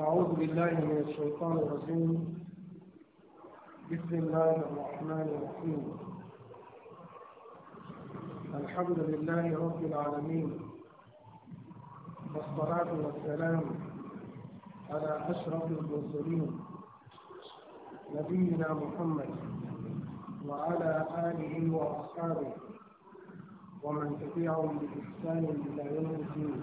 أعوذ بالله من الشيطان الرجيم بسم الله الرحمن الرحيم الحمد لله رب العالمين والصلاة والسلام على أشرف المرسلين نبينا محمد وعلى آله وأصحابه ومن تبعهم بإحسان إلى يوم الدين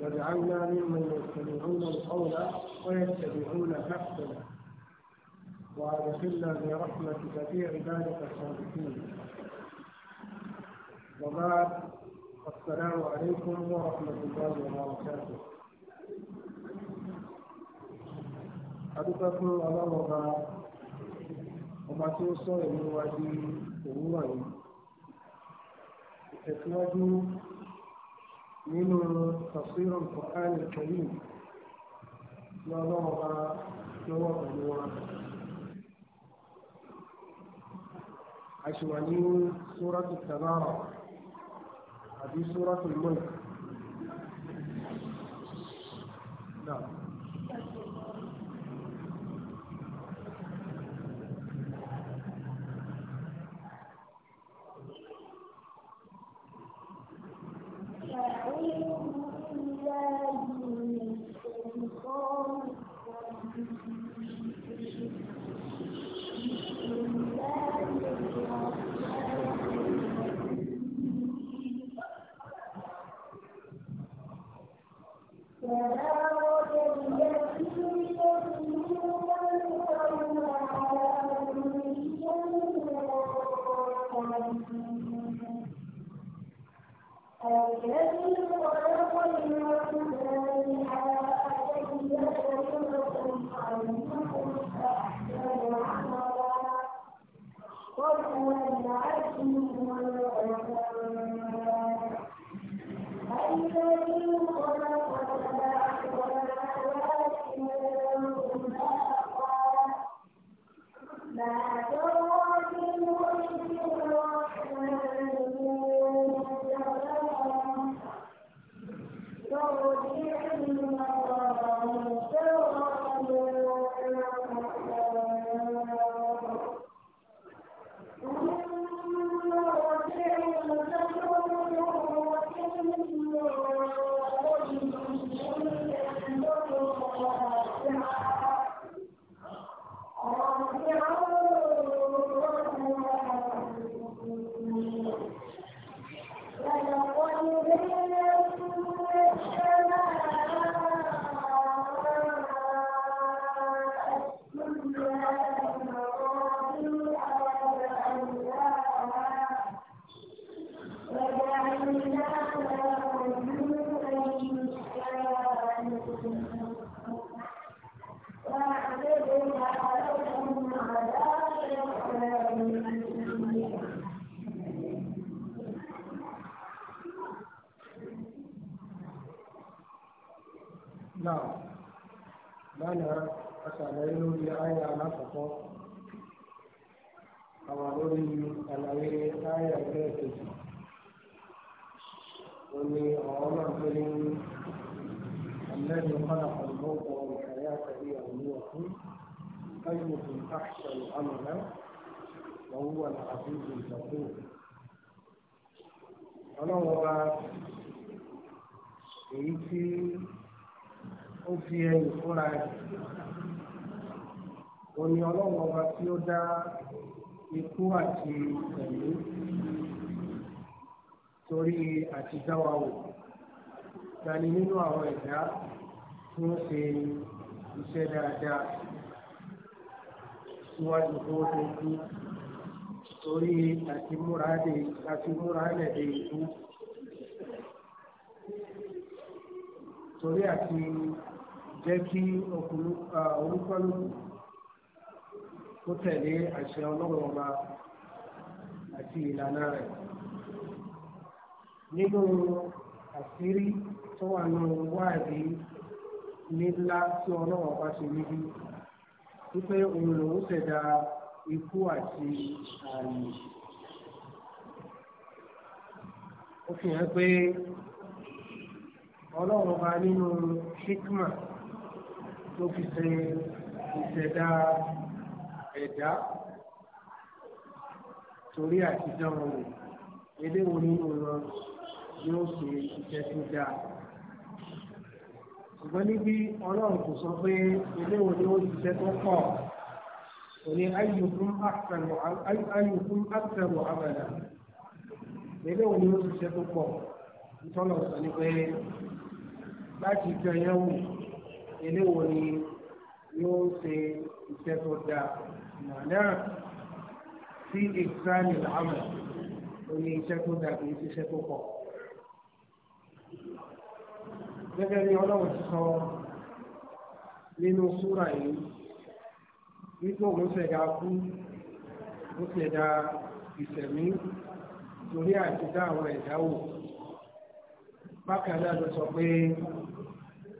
واجعلنا ممن يستمعون القول ويتبعون احسنه وادخلنا برحمتك في عبادك الصالحين وبعد السلام عليكم ورحمه الله وبركاته adúpẹ́kún ọlọ́mọba ọba tí ó sọ ìlú wa di òwúrọ̀ yìí ìtẹ̀síwájú nínú tafsir al-Qur'an al-Karim lọ́wọ́ bá lọ́wọ́ pẹ̀lú wa. àṣìwà ní súrọ́tù Tabara àbí súrọ́tù Mulk. Náà. náà lánàá àṣàlàyé lórí àyà alákọ̀ọ́kọ́ àwọn lórí àlàyé àyà ẹlẹ́ẹ̀kejì wọ́n ní ọ̀rọ̀ náà tó ní الذي خلق الموت والحياة ليبلوكم أيكم أحسن عملا وهو العزيز الغفور ọlọ́run ọba èyí tí ó fi ẹyìn fúnra rẹ̀ òní ọlọ́run ọba tí ó dá ikú àti ẹ̀mí torí àtidáwà wò dání nínú àwọn ẹ̀dá tí wọ́n ṣe iṣẹ́ dáadáa síwájú kó tó kú torí àti múra lè àti múra lè dé ikú torí àti jẹ́ kí olúkọlùkù kó tẹ̀lé àṣẹ ọlọ́run ọba àti ìlànà rẹ̀ nínú àṣírí tó wà nínú wáàdí nílá tí ọlọ́run ọba ṣe níbí wípé òun lòún ṣẹ̀dá ikú àti ààyè ó fi hàn pé ọlọ́run ọba nínú hikma tó fi ṣe ìṣẹ̀dá ẹ̀dá torí àtijọ́ wọn eléwo nínú wọn yóò ṣe iṣẹ́ tó dáa ṣùgbọ́n níbi ọlọ́run kò sọ pé eléwo ni ó ṣiṣẹ́ tó pọ̀ òní ayùkún àtẹ̀rù àbàdà eléwo ni ó ṣiṣẹ́ tó pọ̀ ìtọ́nà sọ ni pé láti jẹ yẹn wò eléwo ni yóò ṣe iṣẹ́ tó dáa mọ̀lẹ́rìn sí ìsáni làámù ó ní iṣẹ́ tó dáa kì í ṣiṣẹ́ tó pọ̀. gẹ́gẹ́ bí ọlọ́run ti sọ nínú súra yìí wípé òun ṣẹ̀dá kú ó ṣẹ̀dá ìṣẹ̀mí torí àti dá àwọn ẹ̀dá wò bákan náà ló sọ pé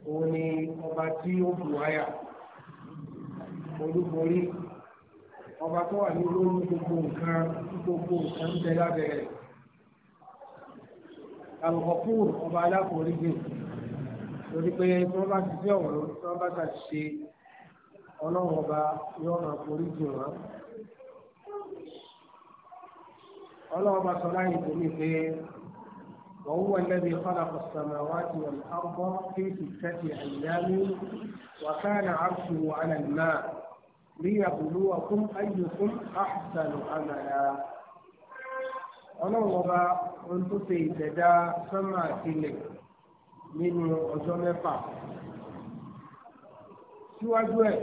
òun ni ọba tí ó bù wáyà olúborí ọba tó wà ní olórí gbogbo nǹkan gbogbo nǹkan ń bẹ lábẹ́rẹ́ alùpùpù ọba aláforíjì lórí pé tí wọ́n bá ti fẹ́ ọ̀rọ̀ tí wọ́n bá ta ṣe ọlọ́run ọba yóò máa foríjì wọn. ọlọ́run ọba sọ láyé ìbomi pé. وهو الذي خلق السماوات والأرض في ستة أيام وكان عرشه على الماء ليبلوكم أيكم أحسن عملا ọlọ́wọ́ba ohun tó ṣe ìṣẹ̀dá sánmà sílẹ̀ nínú ọjọ́ mẹ́fà síwájú ẹ̀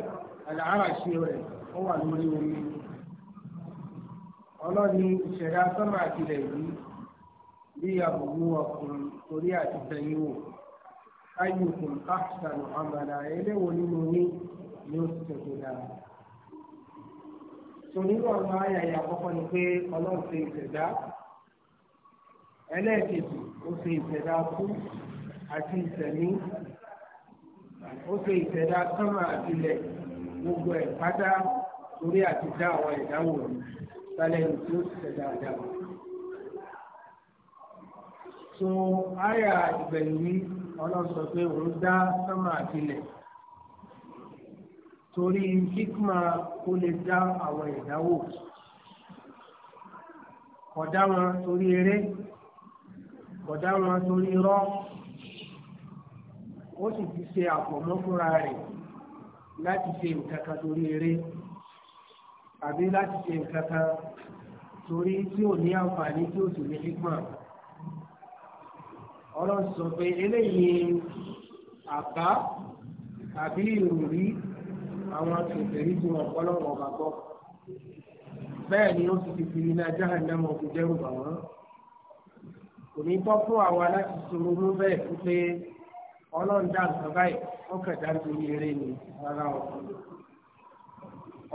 àlàáràṣe rẹ̀ ó wà lórí omi ọlọ́ni ìṣẹ̀dá sánmà sílẹ̀ yìí bí àbùkù ọkùnrin torí àti tẹ̀yìn wò ayyukun ahsanu amala eléwo nínú ní ni ó ti tètè dára. sọ nínú àwọn ayàyà àkọ́kọ́ ni pé ọlọ́run ṣe ìṣẹ̀dá ẹlẹ́ẹ̀kejì ó ṣe ìṣẹ̀dá kú àti ìṣẹ̀mí ó ṣe ìṣẹ̀dá sánmà àti gbogbo ẹ̀ pátá torí àti àwọn ẹ̀dáwò rẹ̀ sálẹ̀ ní tí ó ti àdáwò so àyà ìgbẹ̀yìn ní ọlọ́sọ pé òun dá sánmà àtìlẹ̀ torí hikma ó lè dá àwọn ìdáwò kọ̀dá wọn torí eré kọ̀dá wọn torí irọ́ ó sì ti ṣe àpọ̀mọ́ fúnra rẹ̀ láti ṣe nǹkan kan torí eré àbí láti ṣe nǹkan kan torí tí ò ní àǹfààní tí ò sì ní hikma ọlọ́run sọ pé eléyìí àbá àbí ìròrí àwọn kèfèrí tí wọn kọ́ lọ́wọ́ ọba gbọ́ bẹ́ẹ̀ ni ó ti fi fi iná jahannam náà fi dẹ́rù bà wọ́n kò ní bọ́ fún àwa láti sọ̀rọ̀ mú bẹ́ẹ̀ fún pé ọlọ́run dá nǹkan báyìí wọ́n kàn dá nítorí eré ni rárá o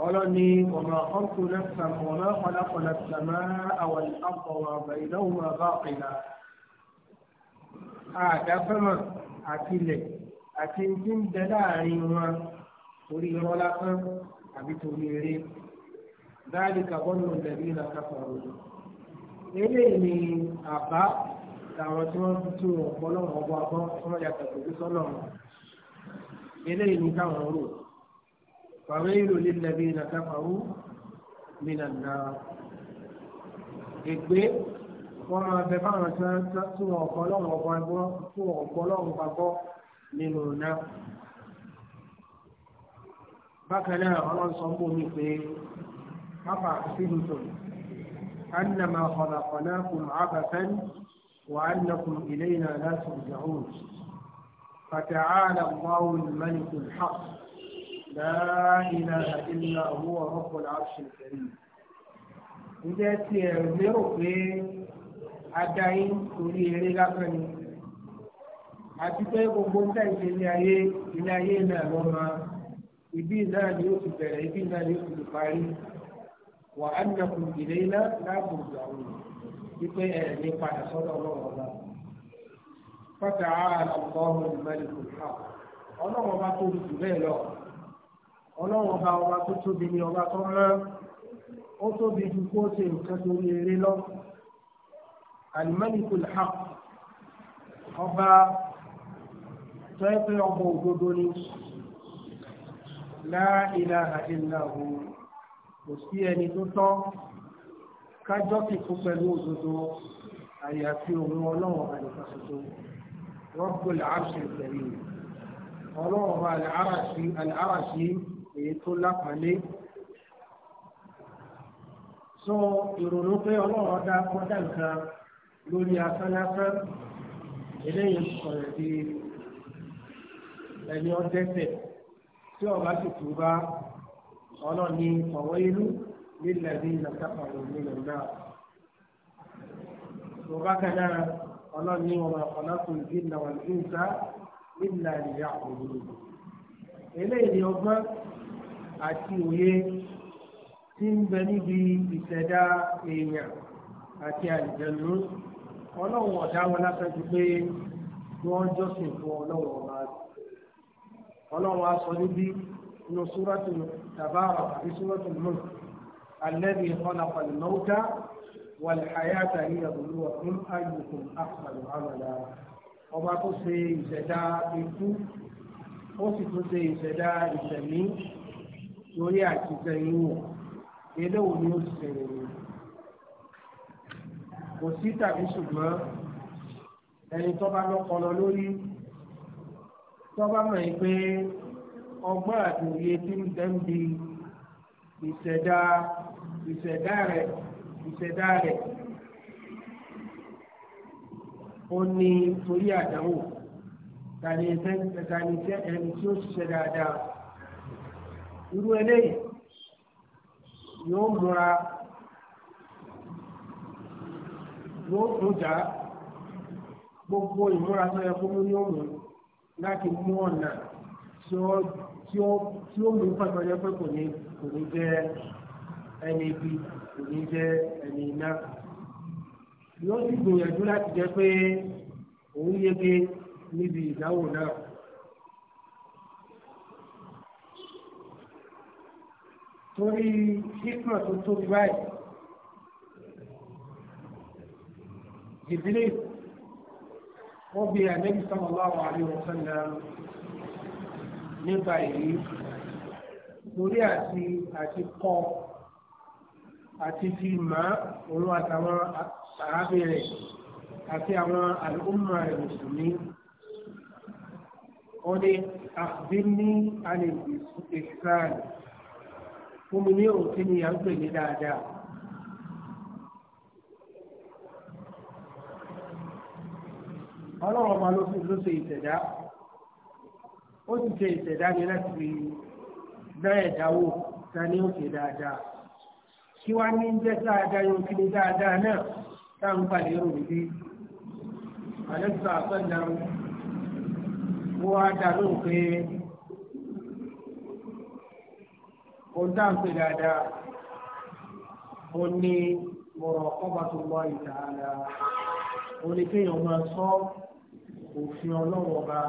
ọlọ́ni ọ̀nà ọ̀kùnrin sàmùnà ọ̀nà ọ̀nà sàmà àwọn àpọ̀wọ̀ àbẹ̀yìn náà wọ́n bá ọ̀pẹ̀ àdáfẹ́mọ̀ àtilẹ̀ àti tí ń bẹ láàrin wọn torí irọ́ lásán àbí torí eré dáàlì kàbọ́nù lẹ́bí làkàfọ̀rọ̀. eléyìí ni àbá làwọn tí wọ́n tún ọ̀pọ̀lọpọ̀ ọgbọ́n abọ́ tí wọ́n yàtọ̀ pẹ̀lú sọ́nà wọn. eléyìí ni káwọn rò fàwọn èèlò lẹ́bí làkàfọ̀rọ̀ mí nà nà ègbé wọ́n máa bẹ fáwọn tí wọ́n tí wọ́n ọ̀pọ̀ ọlọ́run ọ̀pọ̀ ẹgbọ́ tí wọ́n ọ̀pọ̀ ọlọ́run papọ̀ nínú náà. bákan náà ọlọ́run sọ ń bò mí pé pápá síbùtò annama khalaqnakum abathan wa annakum ilayna la turja'un fata'ala Allahu al-malik al-haq la ilaha illa huwa rabbul arshil karim ǹjẹ́ tiẹ̀ lérò pé adáyín torí eré lásán ni àti pé gbogbo ń tẹ̀sí ilé ayé ilé ayé náà ló máa ibi náà ni ó ti bẹ̀rẹ̀ ibi náà ni ó ti parí wà á nà kù ìdílé iná láàbò ìgbàwò wípé ẹ̀ ní padà sọ́dọ̀ ọlọ́run ọba fọ́tà àlọ́ ọmọ ìmọ̀lẹ́ kò fà ọlọ́run ọba tóbi jù bẹ́ẹ̀ lọ ọlọ́run ọba ọba tó tóbi ni ọba tó rán ó tóbi ju kó ṣe nǹkan torí eré lọ́wọ́ alimẹ́lìkù lẹ́hàk ọba tẹ́ẹ̀pẹ́ ọmọ òdodo ni láìlà àìláhù kò sí ẹni tó tọ́ kájọ́ kìkú pẹ̀lú òdodo àyàfi òun ọlọ́run àdìsàṣoṣo rọ́pò làásù ìtẹ̀lé ọlọ́run àlàáràṣí èyí tó lápàlé sọ ìrònú pé ọlọ́run ọdá kọjá nǹkan lórí afẹ́láfẹ́ eléyìí sọ̀rọ̀ di ẹni ọ̀dẹ́sẹ̀ tí ọba sì tún bá ọlọ́ọ̀ni ọ̀wọ́ inú nílẹ̀ ní ìlàkàkọ̀ nílẹ̀ náà. Bàbá kan náà ọlọ́ọ̀ni ọmọ ọ̀làkùn ìdílé wọn ní ìta nílẹ̀ ìyá òwúrò. Eléyìí ni ọgbọ́n àti òye tí ń bẹ níbi ìṣẹ̀dá èèyàn àti àìjẹ̀lú ọlọ́run ọ̀dá wọn lásán ti pé kí wọ́n jọ́sìn fún ọlọ́run ọba ọlọ́run aṣọ níbí inú súrọ́tù tàbára àbí súrọ́tù mọ́n alẹ́bí ọ̀nàpọ̀ lọ́wọ́dá wàlhàyàtà ní àbúrò ọ̀hún ayùkùn àpàlù àmàlà ọba tó ṣe ìṣẹ̀dá ikú ó sì tún ṣe ìṣẹ̀dá ìṣẹ̀mí lórí àtìsẹ́yìn wò eléwo ni ó ṣẹlẹ̀ nìyí kò sí tàbí ṣùgbọ́n ẹni tó bá lọ́kọlọ lórí tó bá mọ̀ ẹ́ pé ọgbọ́n àti òye tí ń dẹ́nbi ìṣẹ̀dá ìṣẹ̀dá rẹ̀ ìṣẹ̀dá rẹ̀ ó ní torí àdánwò tani jẹ́ ẹni tí ó ṣiṣẹ́ dáadáa irú eléyìí yóò múra. ló jà á gbogbo ìmúra tó yẹ kó mú ní òun láti mú ọ̀nà tí ó tí ó tí ó mú pàtó yẹ pé kò ní kò ní jẹ ẹni ibi kò ní jẹ ẹni iná yóò sì gbìyànjú láti jẹ pé òun yege níbi ìdáwò náà. torí hikma tó tóbi báyìí. jìbìlì wọ́n bí ànábì sallallahu alaihi wa sallam nípa èyí torí àti àti kọ́ àti fi mọ́ òun àtàwọn sàábẹ̀ rẹ̀ àti àwọn àlùmọ̀ rẹ̀ mùsùlùmí. wọ́n ní àbíní àlè ìsàn fún mi ní òkè ni à ń pè dáadáa. ọlọ́run ọba ló ṣe ìṣẹ̀dá ó sì ṣe ìṣẹ̀dá ni láti fi dá ẹ̀dá wò ta ni ó ṣe dáadáa kí wá ní jẹ́ dáadáa yóò kí ni dáadáa náà tá à ń pàdé rò níbí àlẹ́sà àpẹ́lẹ́ ó wá dá lóhùn pé ohun tá à ń pè dáadáa ó ní mọ̀rọ̀ ọba tó wá ìta òun ni kéèyàn máa sọ òfin ọlọ́run ọba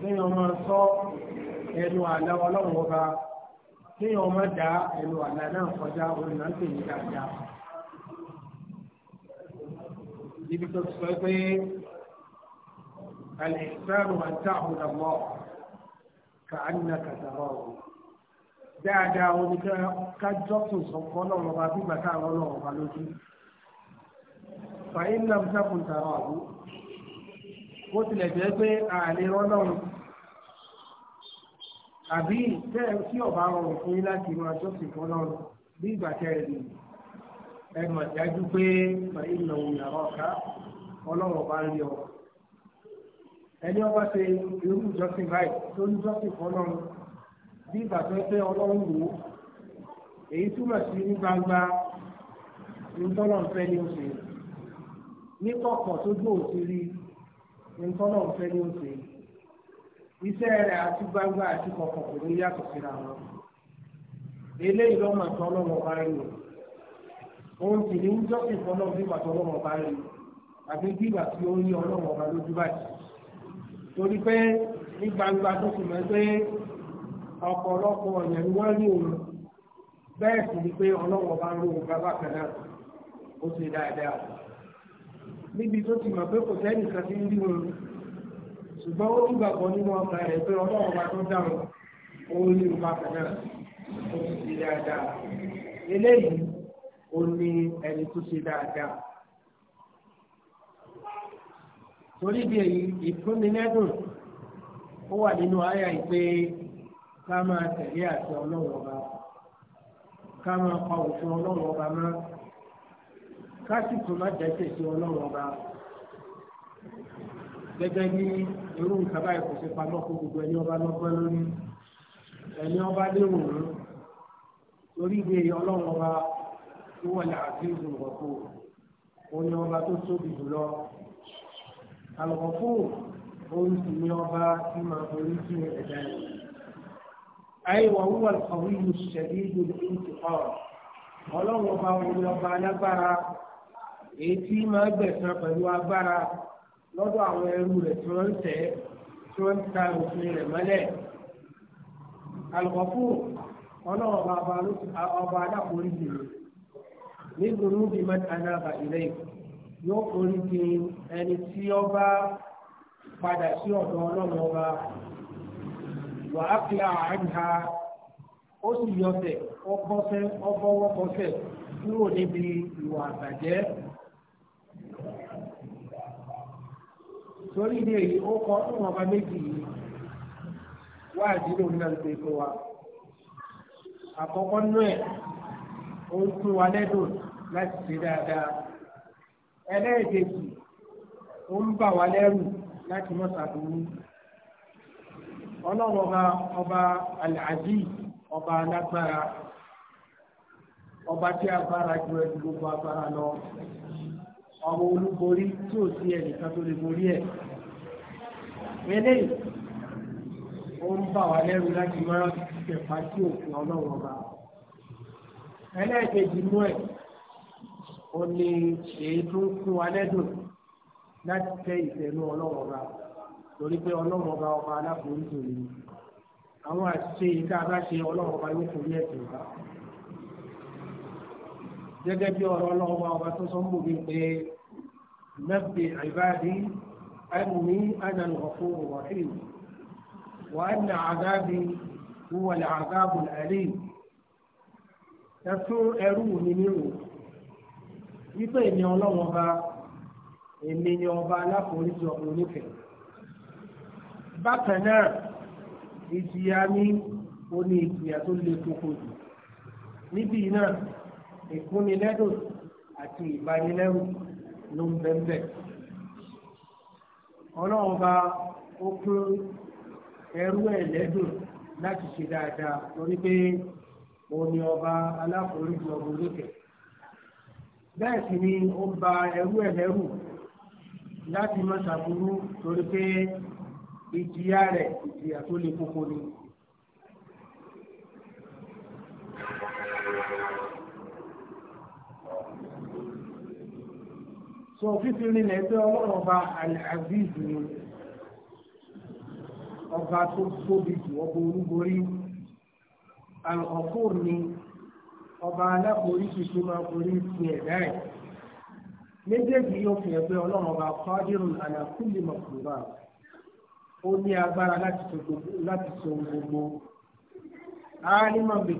kéèyàn máa sọ ẹnu àlá ọlọ́run ọba kéèyàn máa dá ẹnu àlá náà kọjá òun náà ń pè ní dáadáa. níbi tó ti sọ pé alẹ́sàánù àti àwọn ọmọ kàánàkà tàwọn ọ̀hún dáadáa omi ká jọ́sùn sọ̀kọ́ ọlọ́run ọba bí bàtà ọlọ́run ọba lójú fàyín náà sábùn tààrà àbú bó tilẹ̀ jẹ́ pé àlè rọ́lọ́run àbí tẹ́ tí ọ̀bá rọrùn fún yín láti máa jọ́sìn fún ọlọ́run bí ìgbà tẹ́ ẹ lè ẹ mọ̀ dájú pé fàyín náà ń yàrá ọ̀ká ọlọ́run ọba ń rí ẹni ọba ṣe irú ìjọsìn báyìí tó ń jọ́sìn fún bí ìgbà tó ń ọlọ́run wò ó èyí túmọ̀ sí ní gbangba ìtọ́lọ̀ ń fẹ́ ní oṣù ní kọ̀kọ̀ tójú òṣèré nǹkanná òfẹ́ ní òṣè iṣẹ́ rẹ̀ àti gbangba àti kọ̀kọ̀ kò ní yàtọ̀ síra wọn. eléyìí lọ́mọ ìtọ́ ọlọ́wọ́ bá rí o ohun sì ní jọ́sìn fún ọlọ́run nígbà tó ọlọ́wọ́ bá rí o àbí bígbà tí ó rí ọlọ́wọ́ bá lójú báyìí. torí pé ní gbangba tó sì mọ̀ pé ọ̀pọ̀lọpọ̀ ọ̀yàn ni wọ́n rí òun bẹ́ẹ̀ sì ni pé ọlọ́wọ́ bá ń lo òun bàbá kan náà ó ṣe dáadáa níbi tó ti mọ̀ pé kò sẹ́ni kan ti ń rí wọn ṣùgbọ́n ó nígbàgbọ́ nínú ọkàn rẹ̀ pé ọlọ́run bá tó dáhùn òun ní ìlú bákan náà ó ti ṣe dáadáa eléyìí ó ní ẹni tó ṣe dáadáa torí bí ìfúnnilẹ́dùn ó wà nínú àyà ìpè ká máa tẹ̀lé àti ọlọ́run ọba ká máa pa òfin ọlọ́run ọba máa kásìkò má dẹ́sẹ̀ sí ọlọ́run ọba gẹ́gẹ́ bí irú nǹkan báyìí kò sí pamọ́ fún gbogbo ẹni ọba lọ́gbọ́n lórí ẹni ọba lérò rẹ torí ìwé ọlọ́run ọba tó wọlé àti ìzùnkọ̀kọ̀ òun ni ọba tó tóbi jùlọ àlùkọ̀kọ̀ òun sì ni ọba tí màá forí sí ẹ̀dá rẹ̀. ayé wà wúwà ìlú ṣẹ̀dí ìlú ìlú ti kọ́ ọlọ́run ọba òun ọba alágbára èyí tí máa gbẹ̀sán pẹ̀lú agbára lọ́dọ̀ àwọn ẹrú rẹ̀ tí wọ́n ń tẹ̀ tí wọ́n ń ta òfin rẹ̀ mọ́lẹ̀. àlùkọ́fù ọlọ́run bàbá ọba adákòrí jùlọ nígbòrú bí mẹ́tàná àbà ilẹ̀ yóò forí di ẹni tí ó bá padà sí ọ̀dọ̀ ọlọ́run ọba wàá fi àádìhà ó sì yọtẹ̀ ọkọ̀ọ́sẹ̀ ọkọ̀ọ́wọ́kọ̀ọ́sẹ̀ kúrò níbi ìwà àgbàjẹ́. torí ilé yìí ó kọ fún ọba méjì yìí wá àdínlò wa àkọ́kọ́ nú ẹ̀ ó ń fún wa lẹ́dùn láti ṣe dáadáa ẹlẹ́ẹ̀kejì ó ń bà wá lẹ́rù láti mọ́ sàdúró ọba ọba alhaji ọba alágbára ọba tí agbára ju ẹni gbogbo agbára lọ. ọmọ olúborí tí ò sí ẹnìkan tó lè borí ẹ̀. eléyìí ó ń bà wá lẹ́rù láti má tẹ̀pá sí òfin ọlọ́run ọba. ẹlẹ́ẹ̀kejì mú ẹ̀ ó ní èyí tó ń fún wa lẹ́dùn láti tẹ́ ìfẹ́nu ọlọ́run ọba torí pé ọlọ́run ọba ọba aláforíjì ni àwọn àṣìṣe yìí tá a bá ṣe ọlọ́run ọba yóò forí ẹ̀sìn ọba gẹ́gẹ́ bí ọ̀rọ̀ ọlọ́run ọba tó sọ ń bò mí pé. نبي عبادي أني أنا الغفور الرحيم وأن عذابي هو العذاب الأليم ẹtún ẹrú mi ní o wípé èmi ọlọ́wọ́n ọba èmi ni ọba aláforíjì ọkùnrin onífẹ̀ẹ́ bákan náà ìjìyà mi ò ní ìjìyà tó le koko jù níbí náà ìkúnilẹ́dùn àti ìbanilẹ́rù ló ń bẹ́ńbẹ́. ọlọ́run bá ó kún ẹrú ẹ̀ lẹ́dùn láti ṣe dáadáa torí pé òun ni ọba aláforíjì ọba olókè. bẹ́ẹ̀ sì ni ó ń ba ẹrú ẹ̀ lẹ́rù láti má ṣàbúrú torí pé ìjìyà rẹ̀ ìjìyà tó le koko ni. Thank you. so fífi rinlẹ̀ pé ọlọ́run ọba ni ọba tó tóbi jù ọba ni ọba aláforíṣi tó máa ẹ̀dá ẹ̀ méjèèjì yóò fi ọlọ́run ọba ó ní agbára láti so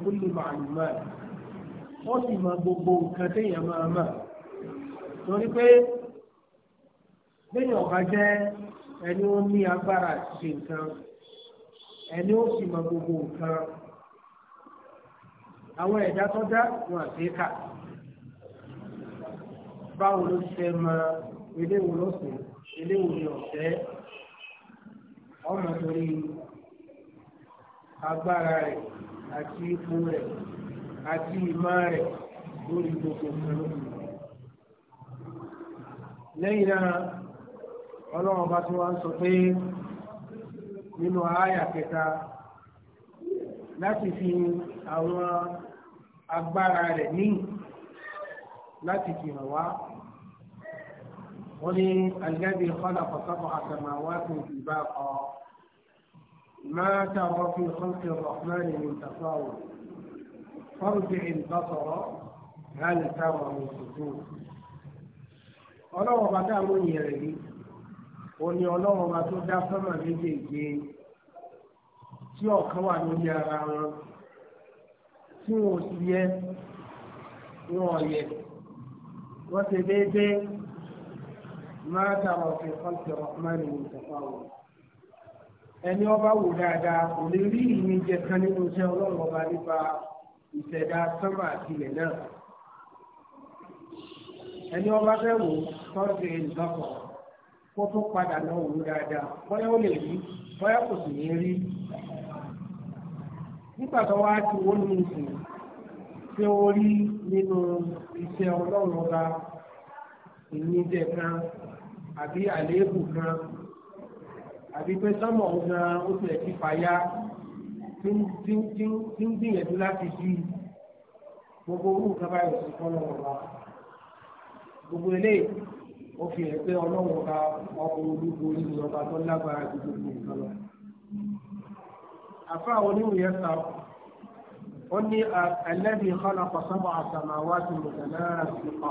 gbogbo ó sì mọ gbogbo nǹkan téèyàn máa máa. torí pé lẹ́yìn jẹ jẹ́ ẹni ó ní agbára ṣe nǹkan ẹni ó sì mọ gbogbo nǹkan àwọn ẹ̀dá tó dá wọn àti kà báwo ló ṣe mọ eléwo lọ́sùn eléwo ni ọ̀sẹ́ ọmọ torí agbára rẹ̀ àti ipò rẹ̀ àti ìmọ̀ rẹ̀ lórí gbogbo nǹkan lẹ́yìn náà ọlọ́run bá tí wọ́n ń sọ pé nínú àáyà kẹta láti fi àwọn agbára rẹ̀ ní láti fi hàn wá wọ́n ní alẹ́bí kọ́lá pàtàkì àtàmàwá tó ti bá kọ́ ما ترى في خلق الرحمن من تفاوت فارجع البصر هل ترى من سجود ọlọ́wọ́n bá dá lóyìn rẹ̀ rí o ní ọlọ́wọ́n bá tó dá sọ́mà méjèèjì tí ọ̀kan wà lórí ara wọn tí wọn ò sì yẹ wọn yẹ wọ́n ṣe déédéé máa tààrọ̀ fi kọ́ńtì ọ̀kùnrin ní ìtọ́fà wọn. ẹni ọba wò dáadáa kò lè rí ìyìn kan nínú iṣẹ́ ọlọ́wọ́n bá nípa ìṣẹ̀dá sọ́mà àti ilẹ̀ náà ẹni ọba fẹ́ wò tọ́sí ìdọ́kọ̀ kó tó padà lọ wò dáadáa bóyá ó lè rí bóyá kò sì ní rí nígbà tó wá ti wó ní ìsìn tí ó rí nínú iṣẹ́ ọlọ́run ọba ìníjẹ kan àbí àléébù kan àbí pé sọ́mọ̀ gan ó tilẹ̀ fàyà tí ń gbìyànjú láti di gbogbo orúkọ báyìí sí fọ́nà ọba gbogbo eléyìí ó fi hàn pé ọlọ́run ọba ọkùnrin olúborí ni ọba tó lágbára ju gbogbo nǹkan lọ. àfa oníhùn yẹn sá ó ní ẹlẹ́bi kọ́lá pàṣẹ́wọ̀ àtàmàwá ti mọ̀tẹ́lẹ́rẹ́ sí pa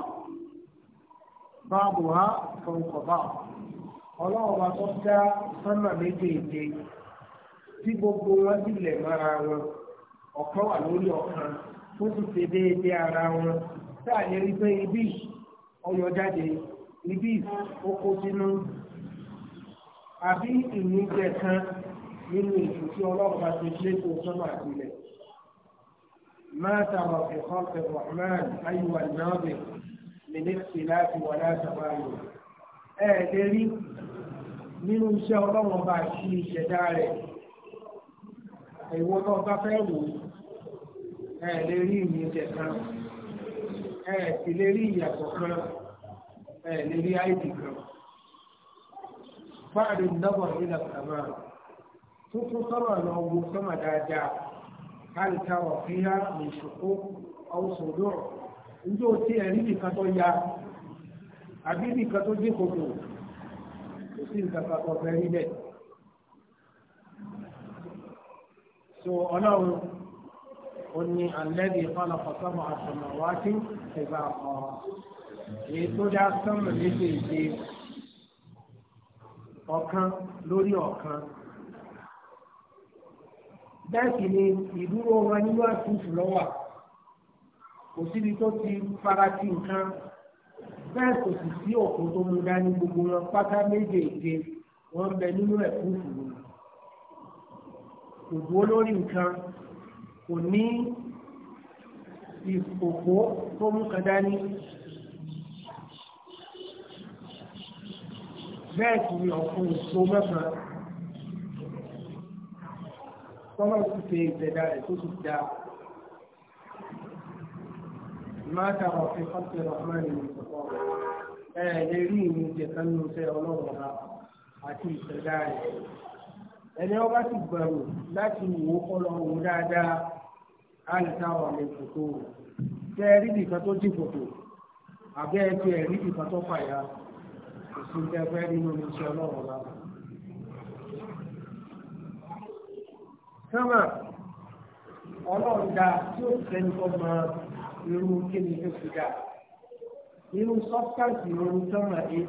báàbò ha fọwọ́kọ̀ báà ọlọ́run ọba tó dá sánmà méjèèjì tí gbogbo wọn dilẹ̀ mọ́ra wọn ọ̀kan wà lórí ọ̀kan tó ti ṣe déédéé ara wọn táà yẹ wípé ibí yìí ọyọ jáde ibi oko sínú àbí ìníjẹ kan nínú ètò tí ọlọ́pàá ti lé tó sọ́nà àtìlẹ̀. ما ترى في خلق الرحمن أيها الناظر من اختلاف ولا تباين ẹ̀ẹ́dẹ́rí nínú iṣẹ́ ọlọ́run bá ṣí ìṣẹ̀dá rẹ̀ ìwọ́n náà bá fẹ́ wò ẹ̀ẹ́dẹ́rí ìyẹn jẹ̀ kan ẹ sì lè rí ìyàtọ̀ kan ẹ lè rí àìdì kan. Báàdì ndọ́bọ̀ nílẹ̀ sàmà tuntun sọ́mà lọ wo sọ́mà dáadáa káàlì táwọ̀ fi há lè ṣòkó ọ̀ṣọ́dọ̀ njó tí ẹ̀rí nìkan tó ya àbí nìkan tó dé kòtò kò sí nǹkan kan tó rí bẹ́ẹ̀. So ọlọ́run ó ní alẹ́bí kọ́lọ̀kọ̀tọ́mọ̀ àtọ̀mọ̀wátí ìgbà kan èyí tó dá sọ́mọ̀ méjèèjì ọ̀kan lórí ọ̀kan bẹ́ẹ̀ sì ni ìdúró wọn nínú àtúntò lọ́wọ́ kò síbi tó ti fara sí nǹkan bẹ́ẹ̀ kò sì sí òkú tó mú dání gbogbo wọn pátá méjèèjì wọ́n bẹ nínú ẹ̀kú kò dúró lórí nǹkan kò ní ìkòkò tó mú kan dání bẹ́ẹ̀ sì ni ọ̀fun ìṣó mẹ́fà tọ́lá ti ṣe ìṣẹ̀dá rẹ̀ tó ti dá máa tàbí ọ̀fẹ́ fọ́tẹ̀ ọ̀hánà ní ìṣọ̀kọ́ ẹ̀ lè rí ìmújẹ kan ní oṣù ọlọ́run àti ìṣẹ̀dá rẹ̀ ẹni ọba ti gbàrú láti wò ó kọ́ lọ dáadáa àìsàn wà lè fòtò tẹ ẹ rí nìkan tó dì fòtò àbẹ ẹ ti ẹ rí nìkan tó fàyà kò sí tẹ fẹ nínú iṣẹ́ Ọlọ́run la. sábà Ọlọ́run dá tí ó sẹ́ni tó máa irú kí ni fi dá irú sọ́fítàǹsì irú sọ́mà ẹ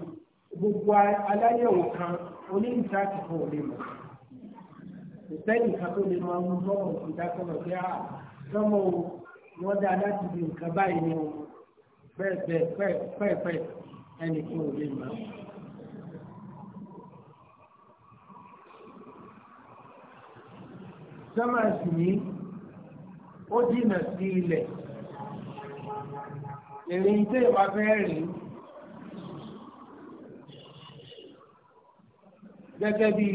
gbogbo aláyẹ̀wò kan oníyìntà ti fọ́ òní mọ̀ kò sẹ́ni kan tó lè máa ń bọ́ òkúta sọ́mà bí a sọmọ o wọ́n dá láti di nǹkan báyìí ni o bẹ́ẹ̀ bẹ́ẹ̀ pẹ́ẹ́ pẹ́ẹ́ pẹ́ẹ́ ẹnì kí o lè mọ̀. sọmọ sì ní ó dínà sí ilẹ̀ èrè ìdè wa fẹ́ rìn gẹ́gẹ́ bí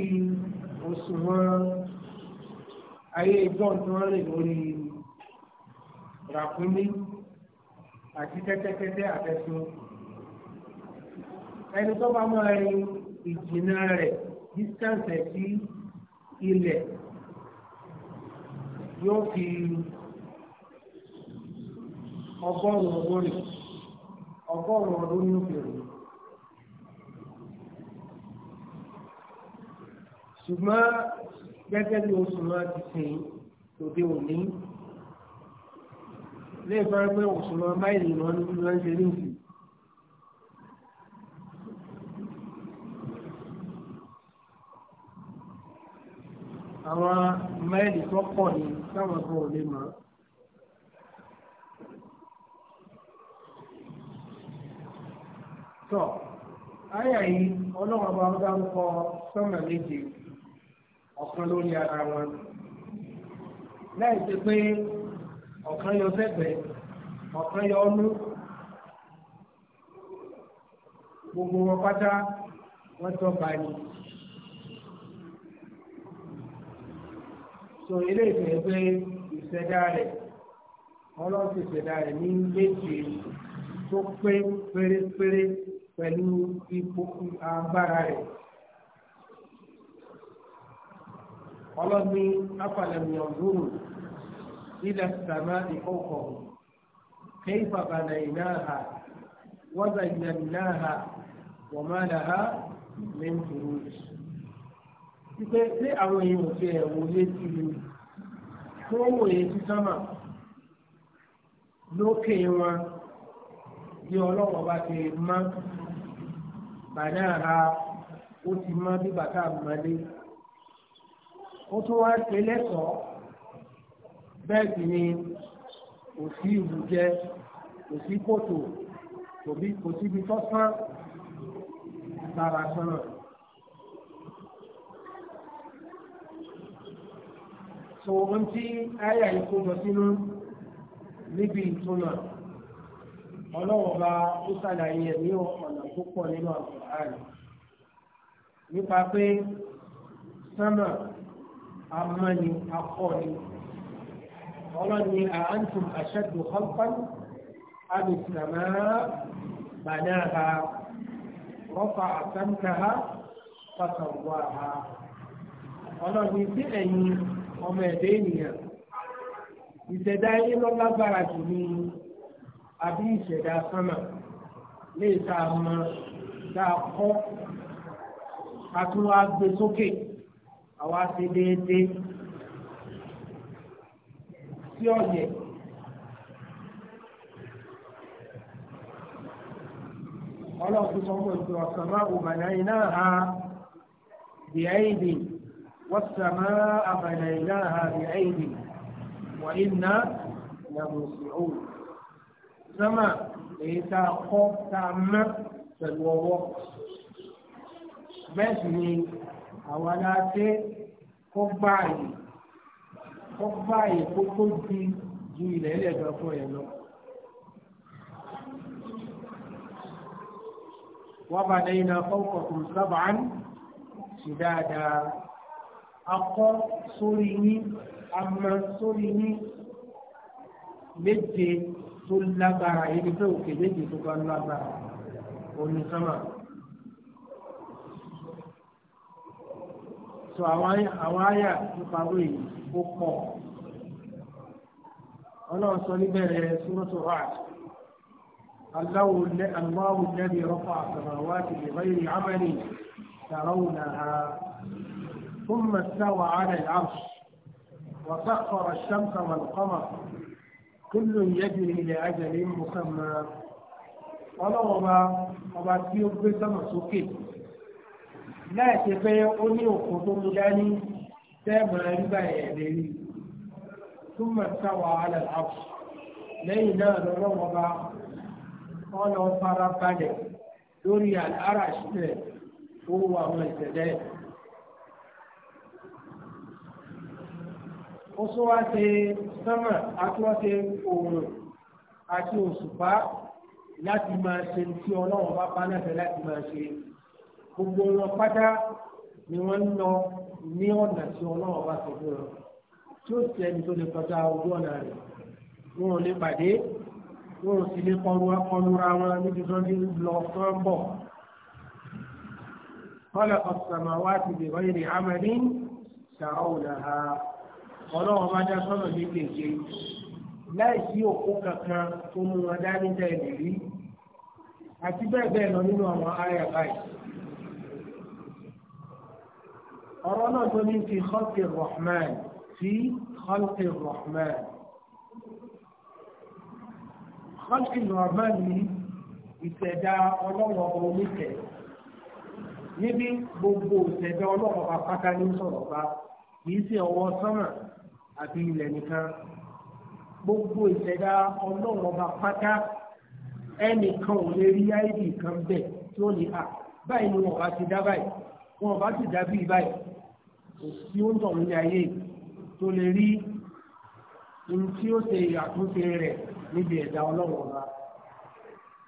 òṣùwọ̀n ayé ìjọ́ tí rìn lórí ràkúnmí àti kẹ́tẹ́kẹ́tẹ́ àfẹ́sùn. ẹni tó bá máa rin ìjìnà rẹ̀ distance sí ilẹ̀ yóò fi ọgọ́rùn-ún ọgọ́rin ọgọ́rùn-ún ọdún ní òkèèrè. ṣùgbọ́n gẹ́gẹ́ bí oṣù náà ti sìn tòde òní. lẹ́ẹ̀fọ́ pé òṣùwọ̀n máìlì wọn ló ń ṣe níìsì. àwọn máìlì tó pọ̀ ní táwọn kan ò lè mọ̀ ọ́. tọ́ ayà yìí ọlọ́run ọba ọba ń kọ sọ́mà ọ̀kan yọ sẹ́gbẹ̀ẹ́ ọ̀kan yọ ọlú gbogbo wọn pátá wọ́n tọ́ ba ni. so ilé ìfẹ́ pé ìṣẹ̀dá rẹ̀ ọlọ́run ti ṣẹ̀dá rẹ̀ ní méje tó pé pérépéré pẹ̀lú ipò agbára rẹ̀. ọlọ́run ní إلى السماء فوقهم كيف بنيناها وزيناها وما لها من فروج ipe ṣé àwọn èèyàn ti ẹ̀ wòye ti lu tó wòye ti sánmà lókè wọn bí ọlọ́wọ́n bá ti mọ́ bàdá ha ó ti mọ́ bí bàtà mọ́lé ó tún wá ṣe lẹ́sọ̀ọ́ bẹ́ẹ̀ sì ni kò sí ìbùjẹ kò sí kòtò kò síbi tọ́sán lára sánà. so ohun tí ayé àyíkójọ sínú níbi ìtumọ̀ ọlọ́wọ́ bá ó ṣàlàyé ẹ̀ ní ọ̀nà tó pọ̀ nínú àgbàrá nípa pé sánà amọ́ni akọ́ni ọlọ́ni àántùm àṣẹ́dù kọ́kọ́n àbìsàmá bàdáha rọ́fà àtàntàha fàtàwàha ọlọ́ni tí ẹ̀yin ọmọ ẹ̀dẹ́ ènìyàn ìṣẹ̀dá ayé ló lágbára jù ní àbí ìṣẹ̀dá sánmà lè ta dáa kọ́ sí ọ̀yẹ̀. ọlọ́run sọ fún ìpè ọ̀sán máa wò bàdá iná ha bí àìdì wọ́n sà máa àbàdà iná ha bí àìdì wọ́n iná làmùsùn òun. sọ́mà èyí tá a kọ́ tá a mọ́ pẹ̀lú ọwọ́. bẹ́ẹ̀ sì ni àwọn aláṣẹ kó gbáàyè kó bá ìkókó di ju ilẹ̀ ẹlẹ́gbẹ̀ẹ́ fún ẹ lọ. wọ́n bá dẹ́yìn náà fọ́nkọ̀ tó sábàán sí dáadáa akọ́ sórí yín amọ̀ sórí yín méje tó lágbára ibi tó òkè méje tó bá lágbára òní sábà. so àwọn àyà nípa wéyìí ó pọ̀ ọlọ́run sọ níbẹ̀rẹ̀ súrọ́tò ràd aláwo lẹ́bi rọ́pà àtàwà ti lè báyìí ní amẹ́lì tàràwò náà ثم استوى على العرش وسخر الشمس والقمر كل يجري لأجل مسمى ọlọ́wọ́ba ọba tí ó gbé sọ́mọ̀ sókè láì pé ó ní òkun tó mú dání tẹ́ẹ̀mù àríbá ẹ̀ lérí tó mọ̀ sáwà alẹ́ àpò lẹ́yìn náà lọ́wọ́ bá wọn lọ fara balẹ̀ lórí àlárà sílẹ̀ owó àwọn ìṣẹ̀lẹ̀. ó sọ wá ṣe sánmà àti wọ́n ṣe òòrùn àti òṣùpá láti máa ṣe tí ọlọ́run bá bá náà fẹ́ láti máa ṣe gbogbo wọn pátá ni wọ́n ń lọ ní ọ̀nà tí ọlọ́run bá ti fún ọ tí ó ti ẹni tó lè kọjá ojú ọ̀nà rẹ̀ wọn ò lè pàdé wọn ò sì lè kọlura wọn níbi tó ń lọ tó ń bọ̀. خلق السماوات بغير عمل ترونها ọlọ́run bá dá sọ́nà méjèèjì láì sí òkú kankan tó mú wọn dání dá ẹ̀mí rí àti bẹ́ẹ̀ bẹ́ẹ̀ lọ nínú àwọn àyà báyìí ọ̀rọ̀ náà tó ní fi khalqi rahman fi khalqi rahman khalqi rahman ni ìṣẹ̀dá ọlọ́wọ́ oníkẹ̀ níbi gbogbo ìṣẹ̀dá ọlọ́wọ́ pátá ní sọ̀rọ̀ bá kì í ṣe ọwọ́ sánmà àti ilẹ̀ nìkan gbogbo ìṣẹ̀dá ọlọ́run ọba pátá ẹnìkan ò lè rí áìdì kan bẹ̀ tí ó ní à báyìí ni wọn bá ti dá báyìí wọn bá ti dá bíi báyìí tí ó ń tọ̀ nílé ayé tó lè rí ohun tí ó ṣe àtúnṣe rẹ̀ níbi ẹ̀dá ọlọ́run ọba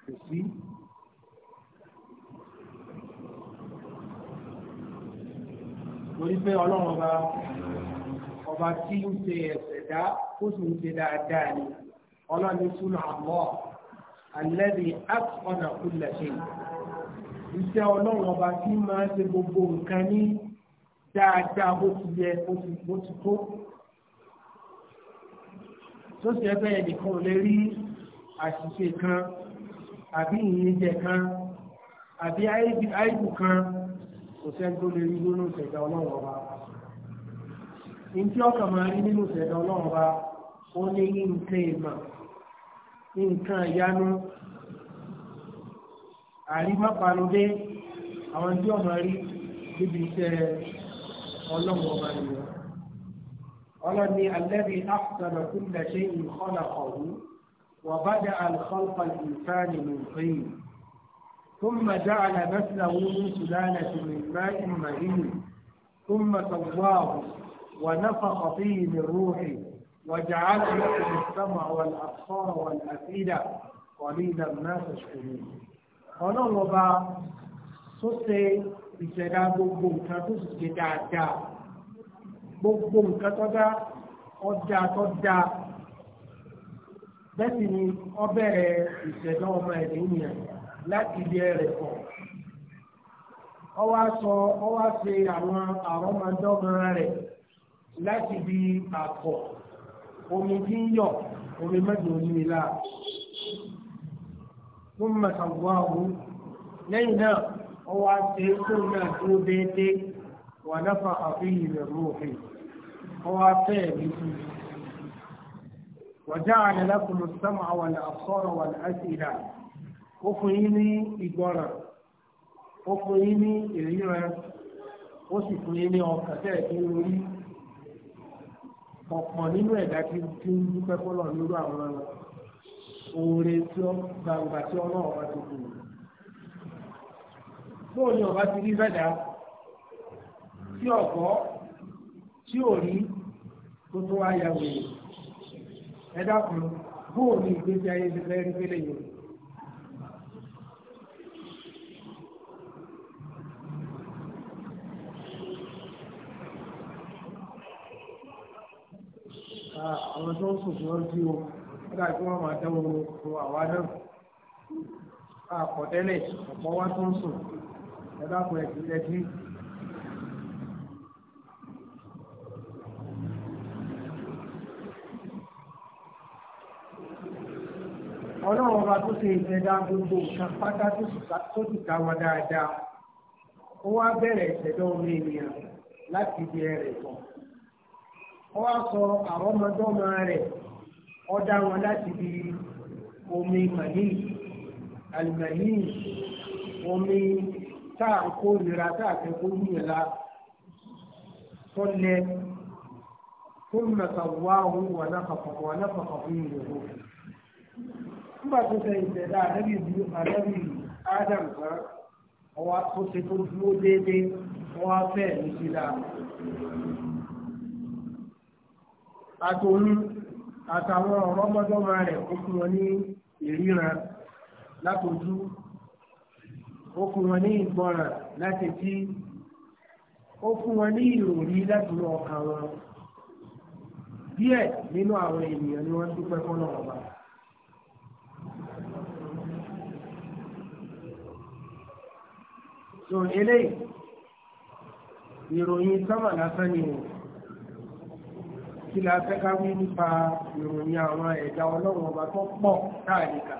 kò sí. torí pé ọlọ́run ọba ọba tí ń ṣe ẹ̀sẹ̀ dá ó sì ń ṣe dáadáa ni ọlọ́run ní súnà àmọ́ alẹ́bí àkọ́nà kúlẹ̀ ṣe iṣẹ́ ọlọ́run ọba tí máa ń ṣe gbogbo nǹkan ní dáadáa bó ti yẹ bó ti tó tó sì ẹ bẹ́ẹ̀ nìkan ò lè rí àṣìṣe kan àbí ìyíjẹ kan àbí àìbù kan kò sẹ́ni tó lè rí lónú ìṣẹ̀dá ọlọ́run ọba ntí ọkàn máa rí nínú ìṣẹ̀dá ọlọ́run ọba ó ní nǹkan ìmọ̀ nǹkan ìyanu àríwá panudé àwọn tí ọmọ rí níbi iṣẹ́ ọlọ́run ọba nìyẹn ọlọ́ni alẹ́bí àfẹ́nà kúlẹ̀ ṣe ìkọlà ọ̀hún wà bá dé àlùkọ́lùkọ́ ìfẹ́ni nìyẹn ثم جعل مثله من سلالة من ماء مهين ثم سواه ونفخ فيه من روحه وجعل لكم السمع والابصار والافئده قليلا ما تشكرون ọlọ́run ọba tó ìṣẹ̀dá gbogbo nǹkan tó sì ṣe dáadáa gbogbo nǹkan tó dá ọjà tó dá bẹ́ẹ̀ sì ni ó bẹ̀rẹ̀ ìṣẹ̀dá ọmọ ẹ̀dẹ̀ ènìyàn láti ilé rẹ̀ pọ̀ ó wá sọ ó wá ṣe àwọn àrọ́mọdọ́mọ rẹ̀ láti ibi àpọ̀ omi tí ń yọ omi mẹ́jọ onílé láà. Fún mẹ́ta wá òun lẹ́yìn náà ọwọ́ àti ikú náà tó déédéé wà lọ́fà àfihàn rẹ̀ rúfin ọwọ́ afẹ́ ẹ̀mí sí i. وجعل لكم السمع والأبصار والأسئلة وفيني إجارة وفيني إليرة وسفيني وكتاك يوري ọ̀pọ̀ nínú ẹ̀dá tí tí ń dúpẹ́ fọlọ́ nínú àwọn oore tí ó gbangba tí ọlọ́run bá ti kú bóò ni ọba ti rí fẹ́dà tí ọ̀kọ́ tí ò rí tó tó wáyà wèrè ẹ dákun bóò ni ìgbésí ayé ti fẹ́ rí fẹ́lẹ̀ yìí. àwọn tó ń sòfin wọn sí o nígbà tí wọn máa dáwọ àwọn náà àkọtẹlẹ ọ̀pọ̀ wa tó ń sòfin. ẹ bá kọ ẹ̀sìn lẹ́sìn. ọlọ́run ọba tó ṣe ìṣẹ̀dá gbogbo nǹkan pátá tó ti ká wa dáadáa ó wá bẹ̀rẹ̀ ìṣẹ̀dá omi ènìyàn láti ibi ẹ̀rẹ̀ kan ó wá sọ àwọn ọmọdọ́mọ rẹ̀ ó dá wọn láti ibi omi omi tá à ń kó nira tá à fẹ́ kó yíyan la tọ́lẹ̀ tó ń nàka wá òun wà náfàkọ̀ wà náfàkọ̀ fún ìlú òun. nígbà tó ṣe ìṣẹ̀dá àdẹ́bí bí àdẹ́bí Adam kan ọwọ́ tó ṣe tó dúró déédéé wọ́n á fẹ́ ní sílá. àtòun àtàwọn ọ̀rọ̀ mọ́tọ́mọ́ rẹ̀ kó fún wọn ní ìríran látòjú ó fún wọn ní ìgbọràn láti tí ó fún wọn ní ìròrí láti mú ọkàn wọn díẹ̀ nínú àwọn ènìyàn ni wọ́n dúpẹ́ fọ́nà ọ̀bà. so eléyìí ìròyìn sábà lásán ni o kí la fẹ́ ká wí nípa ìròyìn àwọn ẹ̀dá ọlọ́run ọba tó pọ̀ káàdìkà.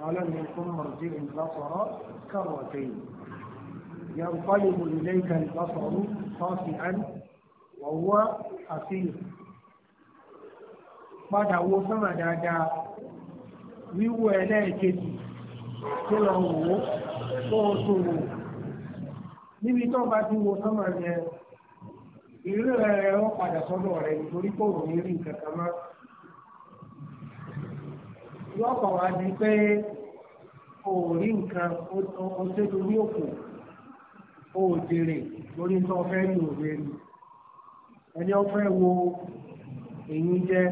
ولم يكن مرجع البصر كرتين ينقلب إليك البصر خاطئا وهو حسير padà wo sọ́nà dáadáa wíwo ẹlẹ́ẹ̀kejì tó lọ wò ó tó o tó wò níbi tó bá ti wo sọ́nà yẹn ìrírí rẹ̀ wọ́n padà sọ́dọ̀ rẹ̀ nítorí kò ní rí nǹkan kan máa yóò kàn wá di pé o ò rí nǹkan o ṣe lórí òkú o ò jèrè lórí nǹkan ọ̀fẹ́ ní òde rí ẹni ọ̀fẹ́ wo èyí jẹ́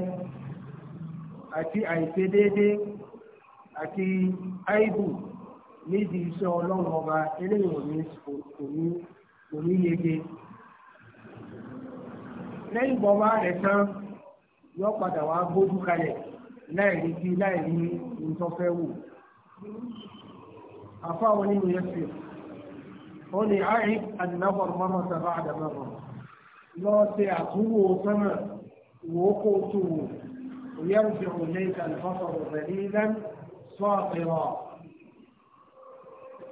àti àìṣedéédé àti áìbù nídìí iṣẹ́ ọlọ́run ọba eléyìí ò ní kò ní yege lẹ́yìn bọ́ọ̀bá rẹ̀ tán yóò padà wá gbójú kalẹ̀ láìrí bí láìrí ìtọ́fẹ́ wò afáwọn nínú yẹsẹ ó ní àárín àdínábọ̀n mọ́mọ́ sábà àdàbọ̀n lọ ṣe àtúwò sọ́nà wò ó kó tó wò ويرجع إليك البصر ذليلا صاغرا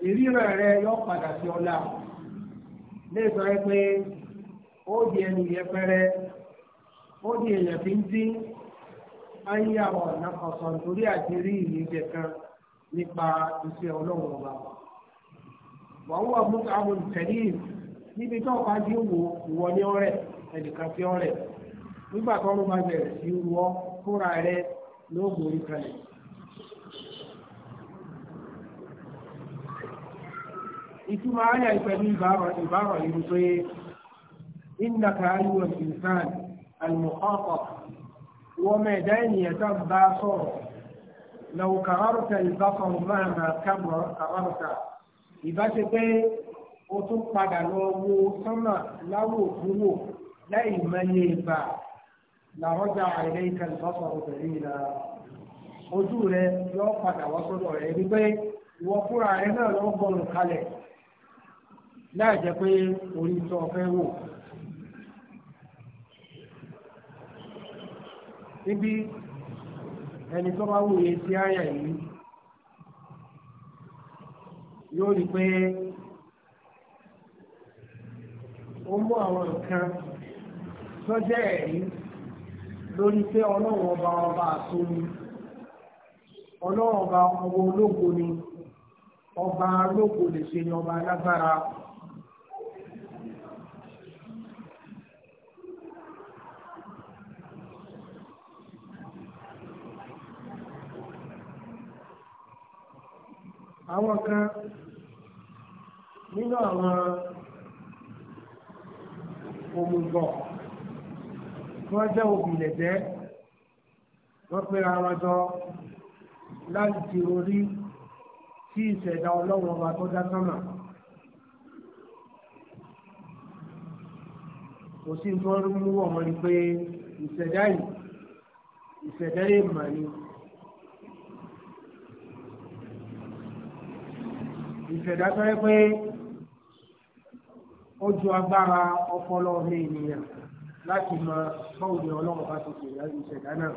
ìríran rẹ yóò padà sí ọlá lẹ́sọ̀ ẹ pé ó di ẹnu yẹpẹrẹ ó di èèyàn fi ń dín ayé àwọn ọ̀nà kọ̀ọ̀kan torí àdérí ìyíjẹ kan nípa iṣẹ́ ọlọ́run ọba. wàá wà mú àwọn ìtẹ̀lé níbi tó ọ̀pá bí wò wọ ní ẹnìkan nígbà tó bá bẹ̀rẹ̀ sí fúnra rẹ ló gbòòrí ìtumọ̀ ayé ìbárọ̀ ìlú pé ìnàkà ayé wọn wọ́n mọ ẹ̀dá ènìyàn tó ń bá sọ̀rọ̀ lọ́wọ́ kàwárùtà ìbáfọ̀n máa máa kábọ̀ kàwárùtà ìbáṣe pé o tún padà lọ wo na láwò òkúwò láì mọye ìgbà làwọ́jà àìlẹ́ ìka ìbáfọ̀n obìnrin la ojú rẹ yọ níbi ẹni tó bá wòye sí àyà yìí yóò rí pé ó mú àwọn nǹkan tó jẹ́ ẹ̀rí lórí pé ọlọ́run ọba ọba àtúnú ọlọ́run ọba ọba ológo ni ọba ológo lè ṣe ni ọba alágbára. àwọn kan nínú àwọn òmùgọ̀ wọ́n jẹ́ òbílẹ̀jẹ́ wọ́n pera wọn jọ láti orí tí ìṣẹ̀dá ọlọ́run ọba tó dá sánmà. kò sí nǹkan mú ọmọ ni pé ìṣẹ̀dá yìí ìṣẹ̀dá yìí mà ni. ìṣẹ̀dá tó yẹ pé ó ju agbára ọpọlọ ọmọ ènìyàn láti mọ bọ́ọ̀lù ọlọ́run bá ti ṣẹ̀dá ìṣẹ̀dá náà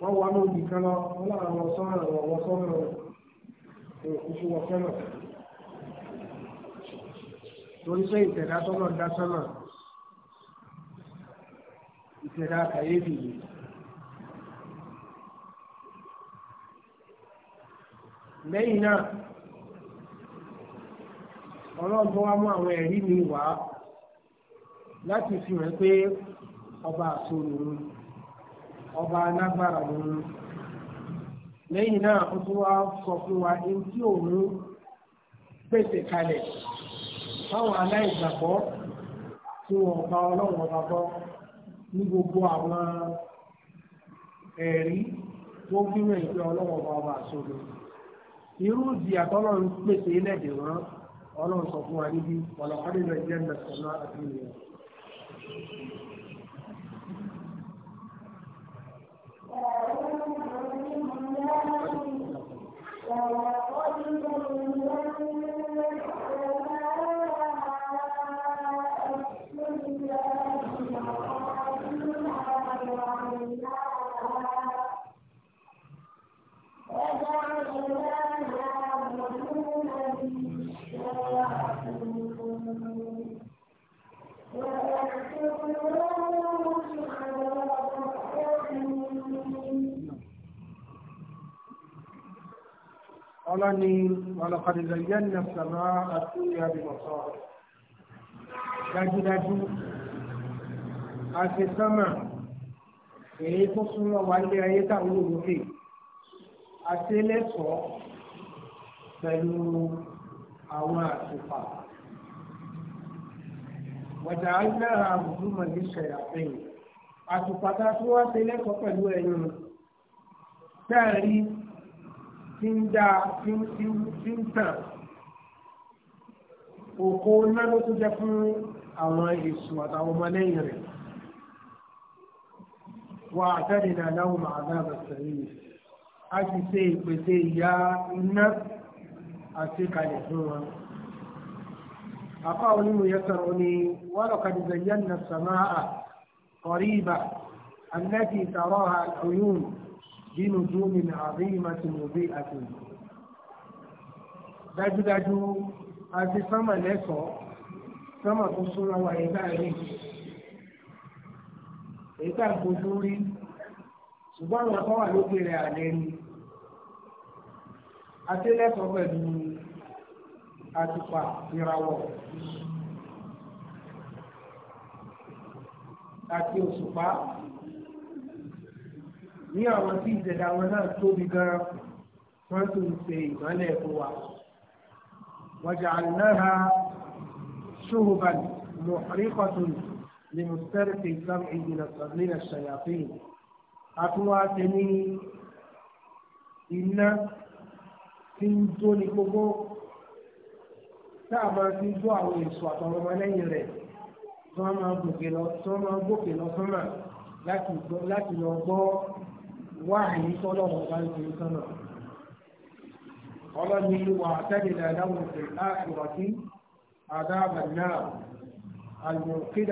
wọ́n wà ní òbí kan lọ wọ́n lára wọn sọ́nà wọn sọ́nà òkúkú wọn sọ́nà torí pé ìṣẹ̀dá tó lọ dá sọ́nà ìṣẹ̀dá kàyéfì yìí. lẹ́yìn ọlọ́run tó wá mú àwọn ẹ̀rí mi wá láti fi hàn pé ọba àṣọ ọba alágbára lòun lẹ́yìn náà ó tún wá sọ fún wa tí òun pèsè kalẹ̀ fáwọn aláìgbàgbọ́ tí wọ́n bá ọlọ́run ọba gbọ́ ní gbogbo àwọn ẹ̀rí tó fi hàn pé ọlọ́run ọba irú ìdí àtọ́lọ́run قال وصفوا عليه ولو علم الجنة السماء الدنيا Thank you. ọlọ́ni ọlọ́kadì lẹ́yìn ní sàmà àti àbìmọ̀sọ́ dájúdájú àti sánmà èyí tó súnmọ́ wà ní ayé táwọn olókè àti ẹlẹ́sọ̀ọ́ pẹ̀lú àwọn àtùpà wọ̀dà ayélujára àbùdúmọ̀ ní sẹ̀yàfẹ́yìn àtùpà tá a tún wá sí ẹlẹ́sọ̀ọ́ pẹ̀lú ẹ̀yìn rẹ̀ bẹ́ẹ̀ rí. tí ń dá tí ń tí ń tí ń tàn òkò iná ló jẹ fún àwọn èṣù àtàwọn ọmọlẹ́yìn rẹ̀ wà láwọn a ti ṣe ìpèsè ìyá iná àti kalẹ̀ fún wọn. àfa onímọ̀ yẹn sọ̀rọ̀ ni wọ́n na samaa qariba allati taraha ha uyun بنجوم عظيمة مضيئة dájúdájú àti sánmà lẹ́sọ̀ọ́ sánmà tó súnra wa ẹ̀dá rí ẹ̀dá gbójú rí ṣùgbọ́n àwọn kan wà lókè rẹ̀ àlẹ́ ni àti lẹ́sọ̀ọ́ pẹ̀lú àtùpà ìràwọ̀ àti òṣùpá ní àwọn tí ìṣẹ̀dá wọn náà tóbi gan wọ́n sì ń ṣe ìmọ́lẹ̀ fún wa. وجعلناها شهبا محرقة لمسترق السمع من الشياطين أتواتني إن تنتوني كوكو táàbà fi gbọ́ àwọn èso àtọ̀rọ̀ ọmọ lẹ́yìn rẹ̀ tí wọ́n máa gòkè lọ sọ́mà láti lọ gbọ́ wáàyí tọ́lọ́wọ́ bá ń ṣe sọ́nà ọlọ́ni wà tẹ́lẹ̀ láwọn ìpè láàkìrọ̀tì àdáàbà náà àwọn ṣe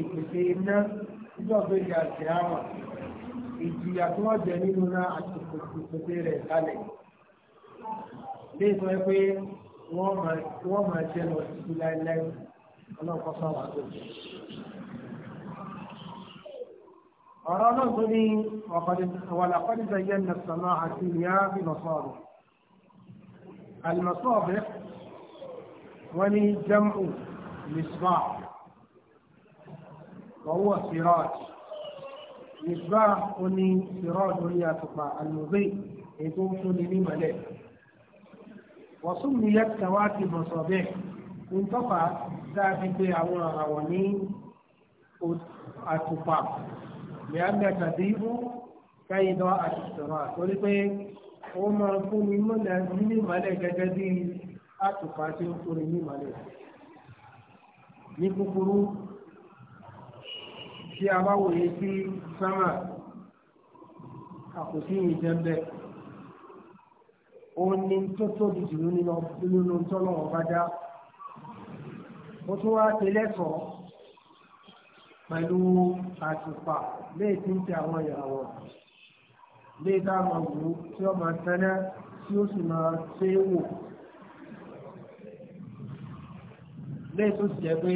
ìpèsè iná àwọn jẹ nínú náà àti ìpèsè kalẹ̀ pé wọ́n máa lọ sí tó ọ̀rọ̀ náà tó ní wàlàkọ́dé zayé na sàmà àti ìyá bí masọ́ọ̀bù almasọ́ọ̀bù wọ́n ní jam'u misbah wọ́wọ́ siraj misbah ó ní siraj ó ní àtùpà almuzi ètò tó ní ní mọ̀lẹ́ wọ́sùn ní yẹ kẹwàá ti ń tọ́pa dáa fi pé àwọn àràwọ̀ ní àtùpà lẹ́yìn àtàdé ibú káyidọ́ àtìsọ̀rọ̀ àtòrí pé ó máa fún mi mọ́lẹ̀ ní ìmọ̀lẹ̀ gẹ́gẹ́ bí àtùpà tí ó fún mi ní ìmọ̀lẹ̀. ní kúkúrú tí a bá wòye sí sámà àkòtí yìí jẹ́ bẹ́ẹ̀ ó ní tó tóbi jù nínú tọ́lọ́wọ́n bá dá ó tún wá tẹ́lẹ̀ sọ̀rọ̀ pẹ̀lú àtùpà léè tí ń tẹ àwọn ìràwọ̀ léè táwọn wò tí ó máa tẹ́lẹ̀ tí ó sì máa ṣe é wò léè tó sì jẹ́ pé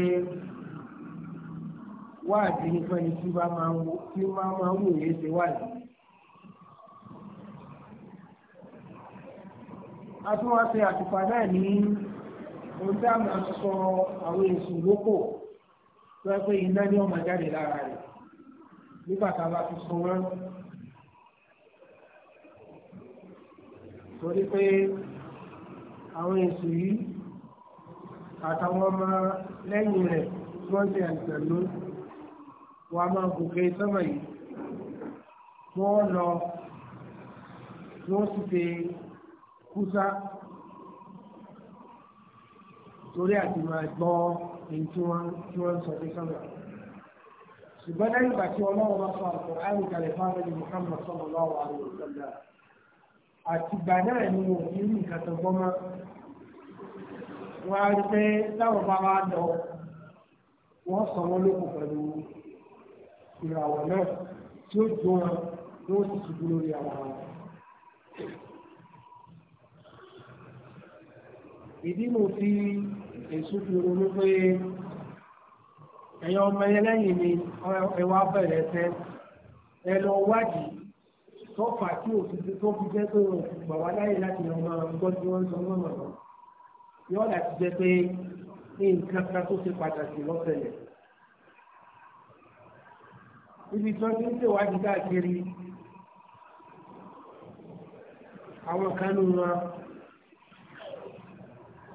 wáàdì nípa ẹni tí bá máa wò tí ó máa máa wò yé ṣe wáàdì. a tún wá ṣe àtùpà náà ní ohun tí a máa sọ àwọn èsì lóko tó yẹ pé iná ni wọn máa jáde lára rẹ̀ nígbà tá a bá fi so wọn. torí pé àwọn èsù yìí àtàwọn ọmọ lẹ́yìn rẹ̀ tí wọ́n ti àìsàn ló wọ́n a máa gòkè sọ́mọ̀ yìí wọ́n lọ wọ́n sì ti kúsá torí àti máa gbọ́ èyí tí wọ́n ń sọ pé sọ́nà. ṣùgbọ́n lẹ́yìn ìgbà tí ọlọ́run bá sọ àpò àrùn kalẹ̀ fáwọn ẹni muhammad sọ̀rọ̀ lọ́wọ́ àrùn ìṣẹ̀dá àtìgbà náà ni wọn ò ní nǹkan tó gbọ́ mọ́ wọ́n á rí pé táwọn bá wá lọ wọ́n sọ wọ́n lóko pẹ̀lú ìràwọ̀ náà tí ó jó wọn ló sì ṣubú lórí àwọn àwọn. ìdínú tí èṣù fi ronú pé ẹ̀yàn ọmọ yẹn lẹ́yìn ni ẹ wá bẹ̀rẹ̀ ẹsẹ̀ ẹ lọ wádìí tọ́fà tí òfin tó fi jẹ́ pé gbà wá láyé láti lọ máa gbọ́ tí wọ́n ń sọ lọ́nà lọ. yọ láti jẹ́ pé nǹkan kan tó ṣe pàtàkì lọ́sẹ̀lẹ̀. ibi tí wọ́n ti ń ṣèwádìí káàkiri àwọn kan wọn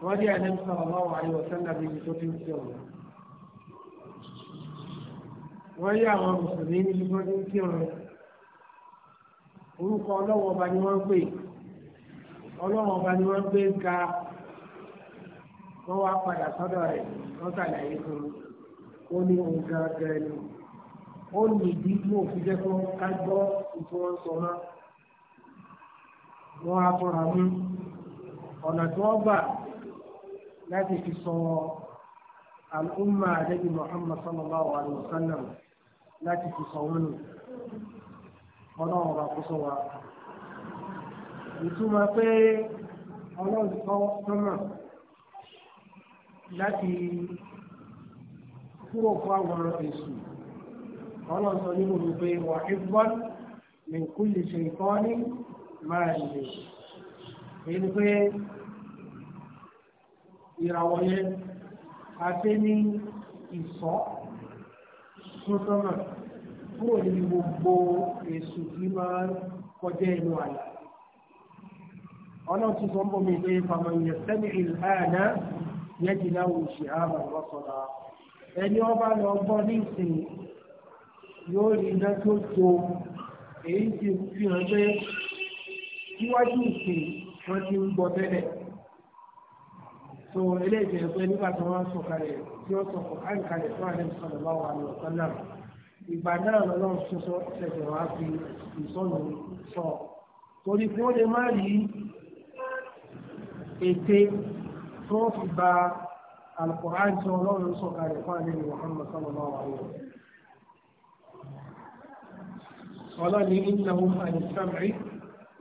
wọ́n dé àná sallallahu alaihi wasallam níbi tó ti ń ṣe ọ̀nà. wọ́n yé àwọn mùsùlùmí níbi tó ti ń ṣe ọ̀nà. orúkọ ọlọ́wọ́ ọba ni wọ́n ń pè ọba ni wọ́n ń pè ń wá padà sọ́dọ̀ rẹ̀ wọ́n ṣàlàyé fún un ó ní ohun gangan ni ó ní ìdí tí òfin jẹ́ kó ká gbọ́ ìfowópamọ́ wọ́n á fọ́ra mú ọ̀nà tí wọ́n gbà láti fi sọ al'umma àdébí muhammad sallallahu alayhi wa sallam láti fi sọ wọn nù ọlọ́run ọba kó sọ wa. ìtumọ̀ pé ọlọ́run sọ sọ́mà láti kúrò fún àwọn èṣù ọlọ́run sọ nínú mi pé wà á mi kú lè ṣe ìkọ́ni máa lè. èyí ni pé ìràwọ̀ yẹn àti ní ìsọ́ sọ́sọ́nà kúrò ní gbogbo èṣù tí máa ń kọjá inú àlà ọlọ́run ti sọ ń bọ̀ mí pé fàmọ̀ ìyẹn sẹ́mi ìlànà yẹn ti láwùn ìṣèhámà lọ́sọ̀dá ẹni ọba lọ gbọ́ ní ìsìn yóò rí iná tó tó èyí ti fi hàn pé síwájú ìsìn wọn ti ń gbọ́ tẹ́lẹ̀ so eléyìí jẹ́ pé nígbà tí wọ́n sọ kalẹ̀ tí wọ́n sọ kọ̀ án kalẹ̀ fún àlẹ́ sọ̀rọ̀ bá wà ní ọ̀sán náà ìgbà náà lọ́wọ́ sọ́sọ́ ṣẹ̀ṣẹ̀ wá fi ìsọ̀nù sọ torí kí wọ́n má rí ète tí fi ba alukur'an tí wọ́n lọ́wọ́ sọ kalẹ̀ fún àlẹ́ Muhammad sallallahu alaihi wa sallam. ọlọ́ni ìnáwó àyè sàmì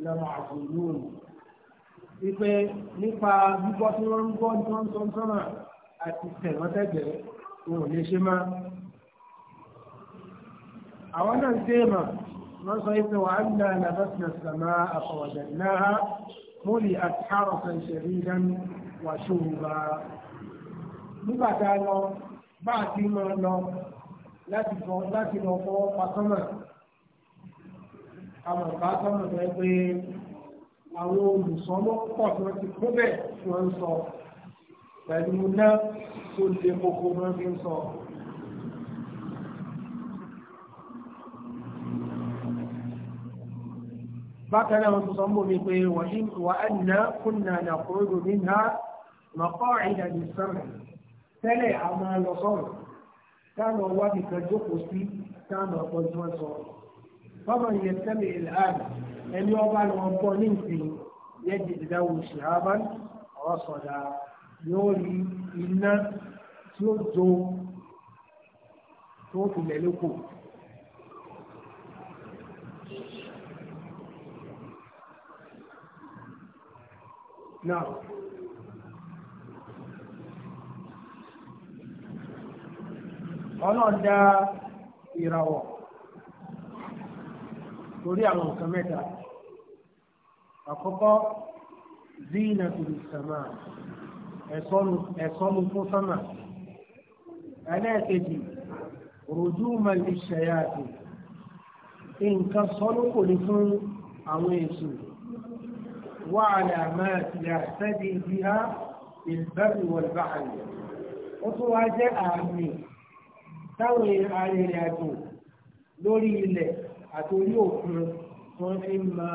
lọ́wọ́ wípé nípa gbígbọ́ tí wọ́n ń gbọ́ tí wọ́n ń sọ sọ́nà àti tẹ̀wọ́tẹ̀gbẹ́ wọn ò lè ṣe má. àwọn náà ń ṣe é mà wọ́n sọ wípé wà ń da làbẹ́sìnà sàmà àfọwọ́dẹ̀ náà múlì àti àròsàn ìṣẹ̀lú ìdánù wà ṣòwò nígbà tá a lọ bá a ti máa lọ láti lọ láti lọ àwọn ìbá sọ́nà tó pé àwọn olùsọ́mọ́ púpọ̀ tí wọ́n ti kó bẹ́ẹ̀ tí wọ́n ń sọ pẹ̀lú náà tó lè kókó náà fi ń sọ. bákan náà wọ́n sọ mọ́ mi pé wà á nà kúnnà nà kúrò mí nà màkọ́ ìdàgbé sọ́rọ̀ tẹ́lẹ̀ àwọn alọ́sọ̀rọ̀ táwọn wá nìkan jókòó sí táwọn ọ̀pọ̀ tí wọ́n sọ. fọ́mọ̀ yẹn tẹ́lẹ̀ ìlànà ẹni ọba ni wọn bọ ní ìsìn yẹdi ìdáwó ṣìhábà ọ̀rọ̀ sọ̀dà yóò rí iná tí ó jó tó tilẹ̀ lóko. Now, ọlọ́dà ìràwọ̀ torí àwọn nǹkan mẹ́ta àkọ́kọ́ zina tòlù sàmà ẹ̀sọ́nu fún sàmà ẹlẹ́ẹ̀kejì rojú màlì ṣẹ̀yàtì nǹkan sọ́nù kò ní fún àwọn èso wà àlàmáàtì àṣẹ́dì ibi ha ìbẹ̀rù wọ̀lbáàlì ó tún wá jẹ́ àmì táwọn arìnrìn àjò lórí ilẹ̀ àti orí òkun wọ́n fi ń ma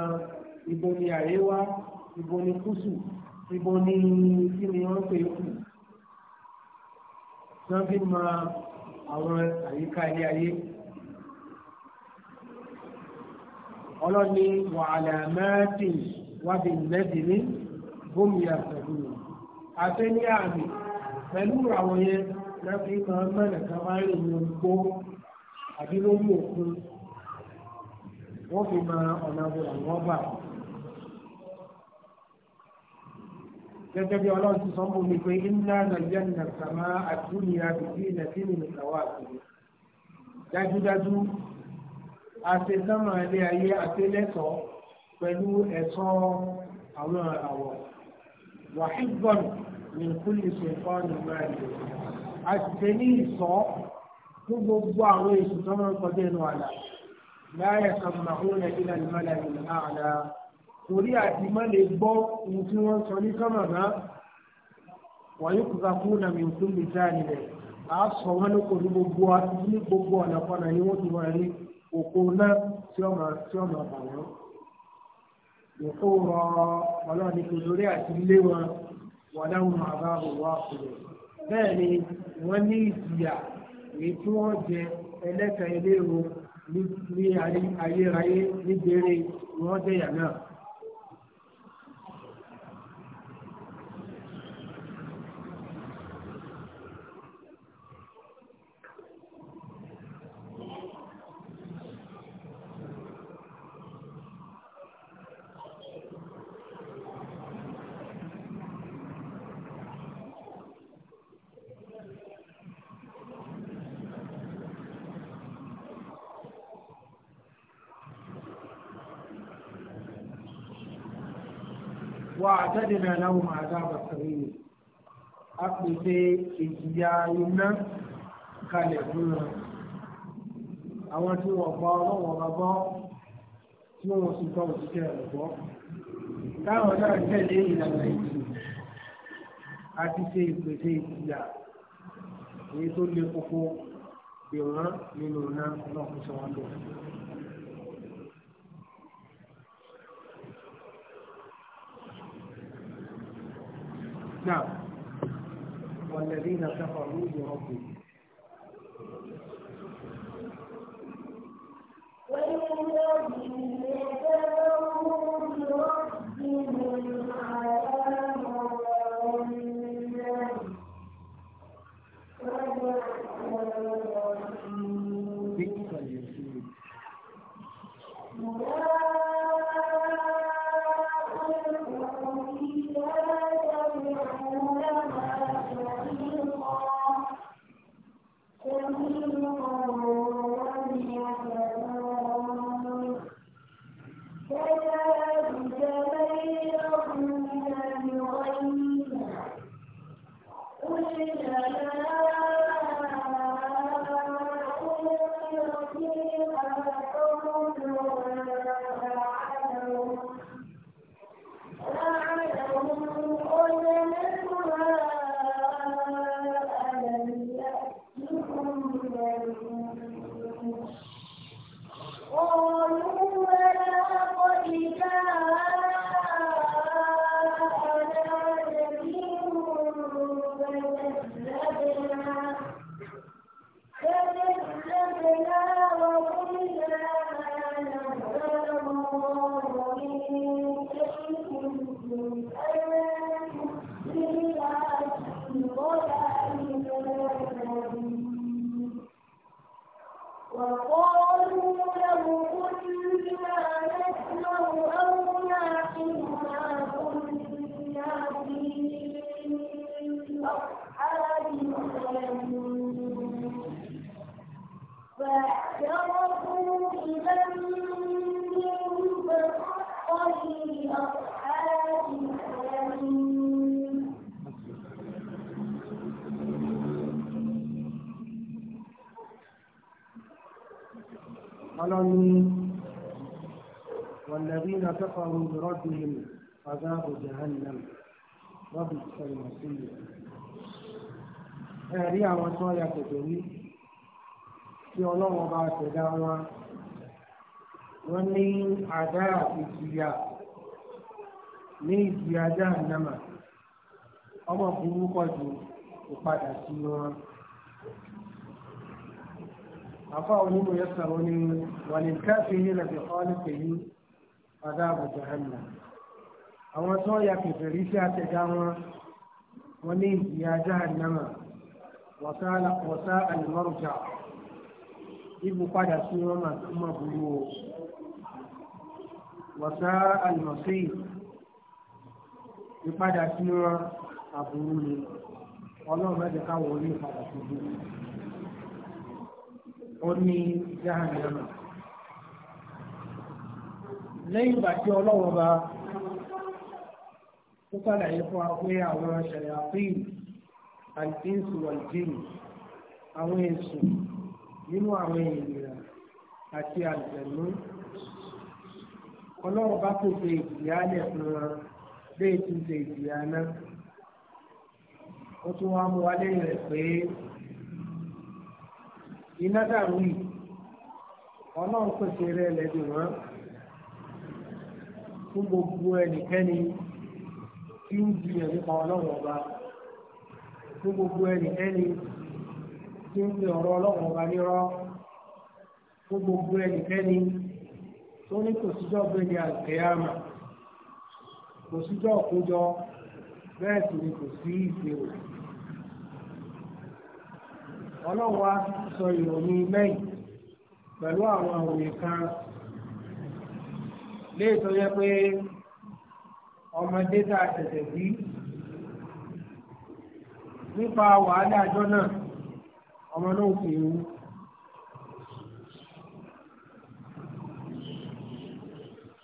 ibo ni àríwá ibo ni kúsù ibo ni kí ni wọ́n pè é kù wọ́n fi ń ma àwọn àyíká ilé ayé. ọlọ́ni wàhálà mẹ́tì wábi lẹ́dìní bómi àtẹ̀gùn àtẹ́ ní àmì pẹ̀lú àwọn yẹn lẹ́fí kan mẹ́rin kan máa ń rìn ní gbó àbí lórí òkun wọ́n fi mọ ọ̀nà àbúrò àwọn ọba. gẹ́gẹ́ bí ọlọ́run ti sọ fún mi pé iná nàìjíríà ní àkàmá àdúnyà bìbí nàìjíríà ní ìkàwá àkùrẹ́. dájúdájú àṣetánmọ̀ ilé ayé àṣelẹ́sọ̀ pẹ̀lú ẹ̀sọ́ àwọn àwọ̀ wàhíbọ̀n ní kúlì sèǹfọ́ọ̀nù máa ń lò. àṣìṣe ní ìsọ́ fún gbogbo àwọn èsì tó máa ń kọjá ẹnu àlàyé láyà sàmàhún ilà ìmọ̀lẹ̀ ìlànà torí àti má lè gbọ́ ohun tí wọ́n sọ ní sọ́mọ̀nà wàyí kùsàkú nà mí kún mi jáde rẹ̀ a sọ wọn ní kò ní gbogbo ní gbogbo ọ̀nà kọ́nà ni wọ́n ti wọ́n rí òkú náà tí ọmọ tí ọmọ bà wọ́n. òkú rọ ọlọ́ọ̀ni kò lórí àti lé wọn wọ́n dáhùn àbá òwò àkùrẹ̀. bẹ́ẹ̀ ni wọ́n ní ìjìyà èyí tí wọ́n jẹ ẹlẹ́ka ẹlẹ́rọ ní ayérayé níbèrè ni wọ́n jẹ̀yà náà. àtẹ́dẹ̀nà aláwọ̀ àdáàbà kàríyè a pèsè ìjìyà iná kalẹ̀ fún wọn àwọn tí wọ́n gbọ́ ọlọ́wọ́ bá gbọ́ tí wọ́n sì gbọ́ òṣìṣẹ́ rẹ̀ gbọ́ táwọn náà tẹ̀lé ìlànà ìjì àti ṣe ìpèsè ìjìyà èyí tó le koko dè wọ́n nínú náà ọlọ́kùnrin wọn lọ. نعم والذين كفروا بربهم والذين كفروا بربهم دار جهنم وبئس المصير ẹ̀rí àwọn tí wọ́n ya tètè rí tí ọlọ́wọ́ bá ṣẹ̀dá wọn wọ́n ní àdá ìjìyà ní ìjìyà jáàmùnámà ọmọ burúkọ ju ìpadà sí wọn. afa onímọ̀ yẹn sọ̀rọ̀ ní wàlíkà fi ní lẹ́bi ọ́ọ́lù pẹ̀lú àdá àwọn tó ya kẹfẹ̀rí sí àtẹ̀dá wọn wọn ní ìyá jahannama wọ́sá àlùmọ́rùjà ibù padà sí wọn máa burú o wọ́sá àlùmọ́sí ìpadà sí wọn àbúrú ni ọlọ́run láti káwọ́ orí ìpadà sí bí ó ní jahannama ìgbà tí bá. ó sàlàyé fún wa pé àwọn ṣàyàfín àìsíǹsì wàlìjìnì àwọn èsùn nínú àwọn ènìyàn àti àjẹmú ọlọ́run bá tó ṣe ìjìyà lẹ̀ fún wa bẹ́ẹ̀ tún ṣe ìjìyà náà ó tún wá mú wa lẹ́yìn rẹ̀ pé iná dàrú yìí ọlọ́run pèsè rẹ̀ lẹ́dùn wọn fún gbogbo ẹnikẹ́ni. tí ń jiyàn nípa ọlọ́run ọba fún gbogbo ẹnikẹ́ni tí ń pe ọ̀rọ̀ ọlọ́run ọba nírọ́ fún gbogbo ẹnikẹ́ni tó ní kò síjọ́ gbẹ̀dẹ àgbẹ̀yàmà kò síjọ́ òkójọ bẹ́ẹ̀ sì ni kò sí ìṣirò. ọlọ́run wa sọ ìròyìn mẹ́yìn pẹ̀lú àwọn kan ọmọdé tá a tẹ̀tẹ̀ bí nípa wàhálà àjọ náà ọmọ náà kò ewu.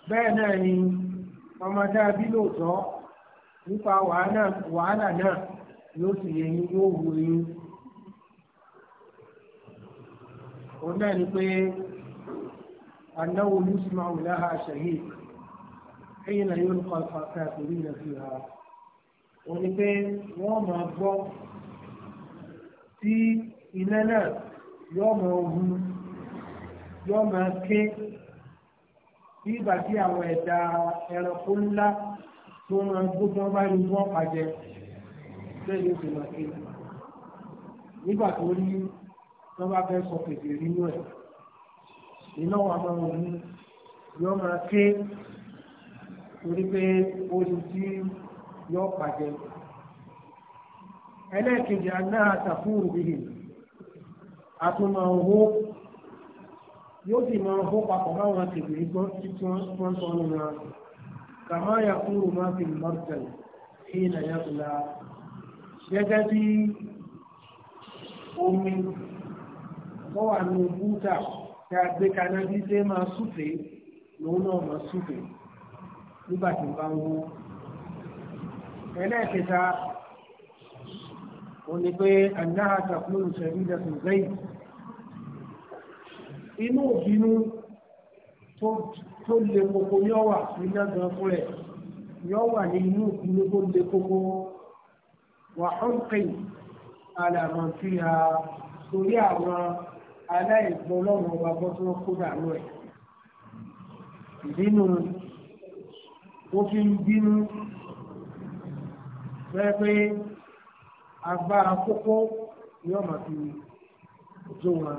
bẹ́ẹ̀ náà ni ọmọ dábí lóòótọ́ nípa wàhálà náà yóò sì yẹ yín yóò wù yín. òun náà ni pé anáwó lùsùmáwò láha ṣẹ̀yìn. حين يلقى الكافرين فيها wọ́n ní pé wọ́n máa gbọ́ tí iná náà yọ́ máa hu yọ́ máa ké bí ìgbà tí àwọn ẹ̀dá ẹranko ńlá tó máa gbógbọ́n bá ní wọ́n pàjẹ́ bẹ́ẹ̀ ni ó sì máa ké nígbà tó rí wọ́n bá fẹ́ sọ pèsè nínú ẹ̀ iná wa máa hu yọ́ máa ké torí pé oṣù tí yọ pàjẹ́ ẹlẹ́ẹ̀kejì agbára àtàkùn bìhì àtúmọ̀ owó yóò sì máa hó papọ̀ báwọn kèbèrè gbọ́ tí wọ́n sọ nínú wọn kàmá yakúrò máa fi mọ́tẹ̀ kí nàyà fúnra gẹ́gẹ́ bí omi tó wà ní búta tí a gbé kaná bí dé máa súfèé lòun náà máa súfèé nígbà tí bá ń wú. ẹlẹ́ẹ̀kẹta ó ní pé anáhà takúrò ṣẹ̀rídà tó gbẹ̀yìn inú òbínú tó le koko yọ wà nígbà gan fún rẹ̀ yọ wà ní inú òbínú tó le koko wà ọ̀nkìn alàmọ̀fíà torí àwọn aláìgbọ́lọ́wọ́ wa bọ́ tó kó dànù ẹ̀. ìbínú tó fi ń bínú fẹ́ pé agbára kókó ni wọ́n máa fi jó wọn.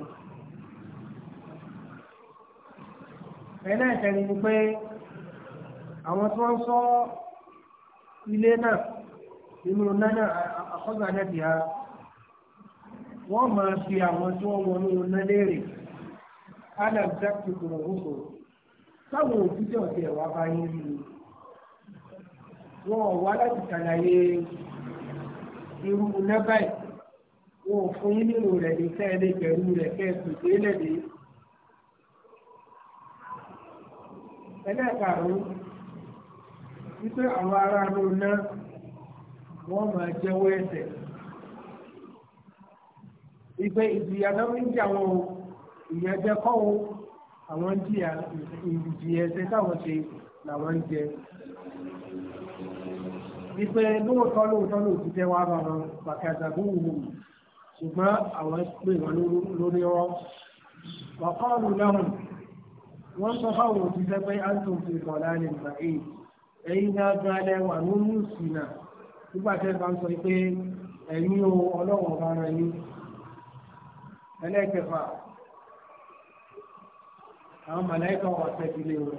ẹlẹ́ẹ̀kẹ́rin ni pé àwọn tí wọ́n sọ ilé náà nínú nánà àkọ́gbà náà ti ha wọ́n máa fi àwọn tí wọ́n wọnú nálẹ́rè adam dákìtì kúrò hùkò táwọn òbí tí ọ̀tẹ̀ wà bá yín rí wọn ò wá láti ṣàlàyé irú iná báyìí wọn ò fún yín rẹ̀ ní sẹ́ẹ̀lẹ̀ pẹ̀lú rẹ̀ kẹ́ ẹ̀ pèsè lẹ́dí. ẹlẹ́ẹ̀karùn wípé àwọn ará ló ná wọ́n máa jẹ́wọ́ ẹ̀sẹ̀ ìgbé ìjìyà náà ń jà wọn o ọ kọ́ àwọn ń jìyà ìjìyà táwọn ṣe làwọn ń jẹ. wípé lóòótọ́ lóòótọ́ lóòótọ́ tẹ́ wá bá wọn pàkàtà fún òun ṣùgbọ́n àwọn pè wọn lórí ọ. wàkọ́ọ̀lù náà wọ́n sọ fáwọn òṣìṣẹ́ pé anton fi kọ̀ láàrin ìgbà yìí ẹ̀yin náà gan alẹ́ wà nínú ìsìnà nígbà tẹ́ bá ń sọ pé ẹ̀yin o ọlọ́wọ̀n bá ara yín. ẹlẹ́kẹfà àwọn màláìka wà tẹ̀sílẹ̀ wọn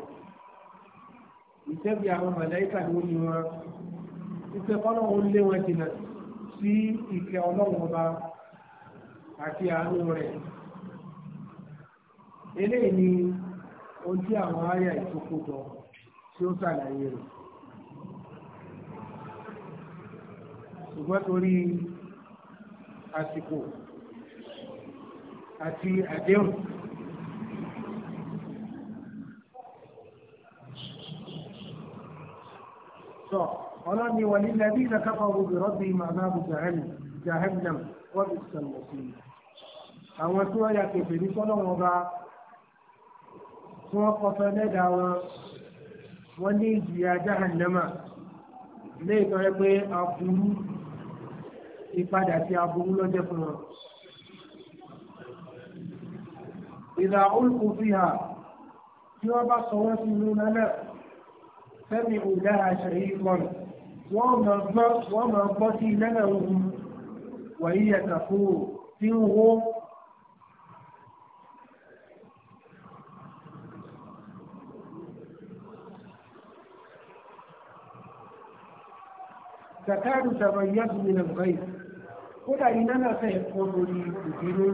ìtẹ́bi àwọn màláìka ló ní wọn ìfẹ́ fọlọ́run lé wọn jìnnà sí ìkẹ́ ọlọ́run ọba àti àánú rẹ̀ eléyìí ni ohun tí àwọn àyà ìkókó jọ tí ó ṣàlàyé rẹ̀ ṣùgbọ́n torí àsìkò àti àdéhùn. So ọlọ́ni wà nílẹ̀ bí ìlà kápá gbogbo rọ́bì màmáàbù jahannam wọ́n ti sọ̀rọ̀ sí i. àwọn tí wọ́n ya kẹfì ní sọ́dọ̀ wọn bá tí wọ́n kọfẹ́ lẹ́dàá wọn wọ́n ní ìjìyà jahannama lẹ́yìn tó yẹ pé aburú ìpadà sí aburú lọ́jọ́ fún wọn. ìlà olùkù fi hà tí wọ́n bá sọ wọ́n sí inú náà sẹ́mi ò dára ṣe yí kọ́nù wọ́n máa gbọ́ sí iná náà wù wàyí yàtọ̀ fún tí ń wó tàkàdù tàbàyàtù ní nàìjíríà kódà iná náà fẹ́ ẹ̀kọ́ lórí ìdílé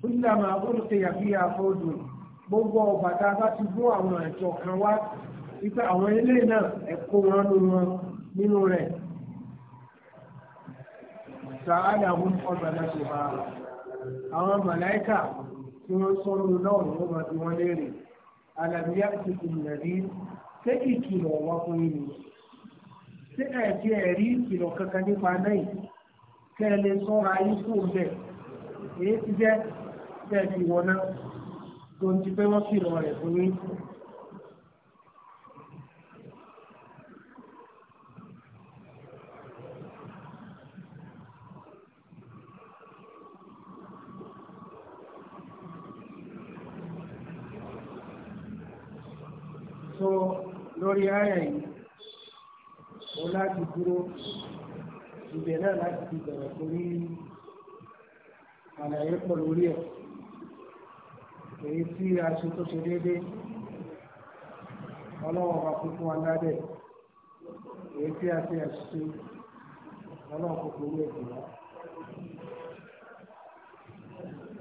kúndàmà olùkẹ́yà bí i àfọ́dù gbogbo ọ̀bàtà ti gbó àwọn ẹ̀jọ̀ kan wá wípé àwọn ilé náà ẹ̀kọ́ wọn ló wọn nínú rẹ̀ sàádà wọn ọgbà náà ṣe bá àwọn màláìkà tí wọ́n sọ́nù náà ló máa fi wọ́n léèrè alàbíyá ti fi nàbí ṣé ìkìlọ̀ wá fún yín ni ṣé ẹ̀jẹ̀ ẹ̀rí ìkìlọ̀ kankan nípa náà kẹ́ ẹ lè sọ́ra yín kú bẹ́ẹ̀ èyí ti jẹ́ bẹ́ẹ̀ ti wọ́n náà tó ti pé wọ́n kìlọ̀ rẹ̀ fún yín. lórí àyà yìí ó láti dúró ibẹ̀ náà láti fi bẹ̀rẹ̀ torí àlàyé pọ̀ lórí ẹ̀ èyí tí a ṣe tó ṣe déédéé ọlọ́wọ́ bá fún fún wa ládẹ̀ èyí tí a ṣe àṣìṣe ọlọ́wọ́ kò kúrú ẹ̀ jùlọ.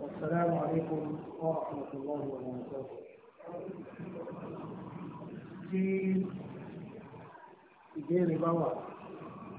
والسلام عليكم ورحمة الله وبركاته tí ìbéèrè bá wà.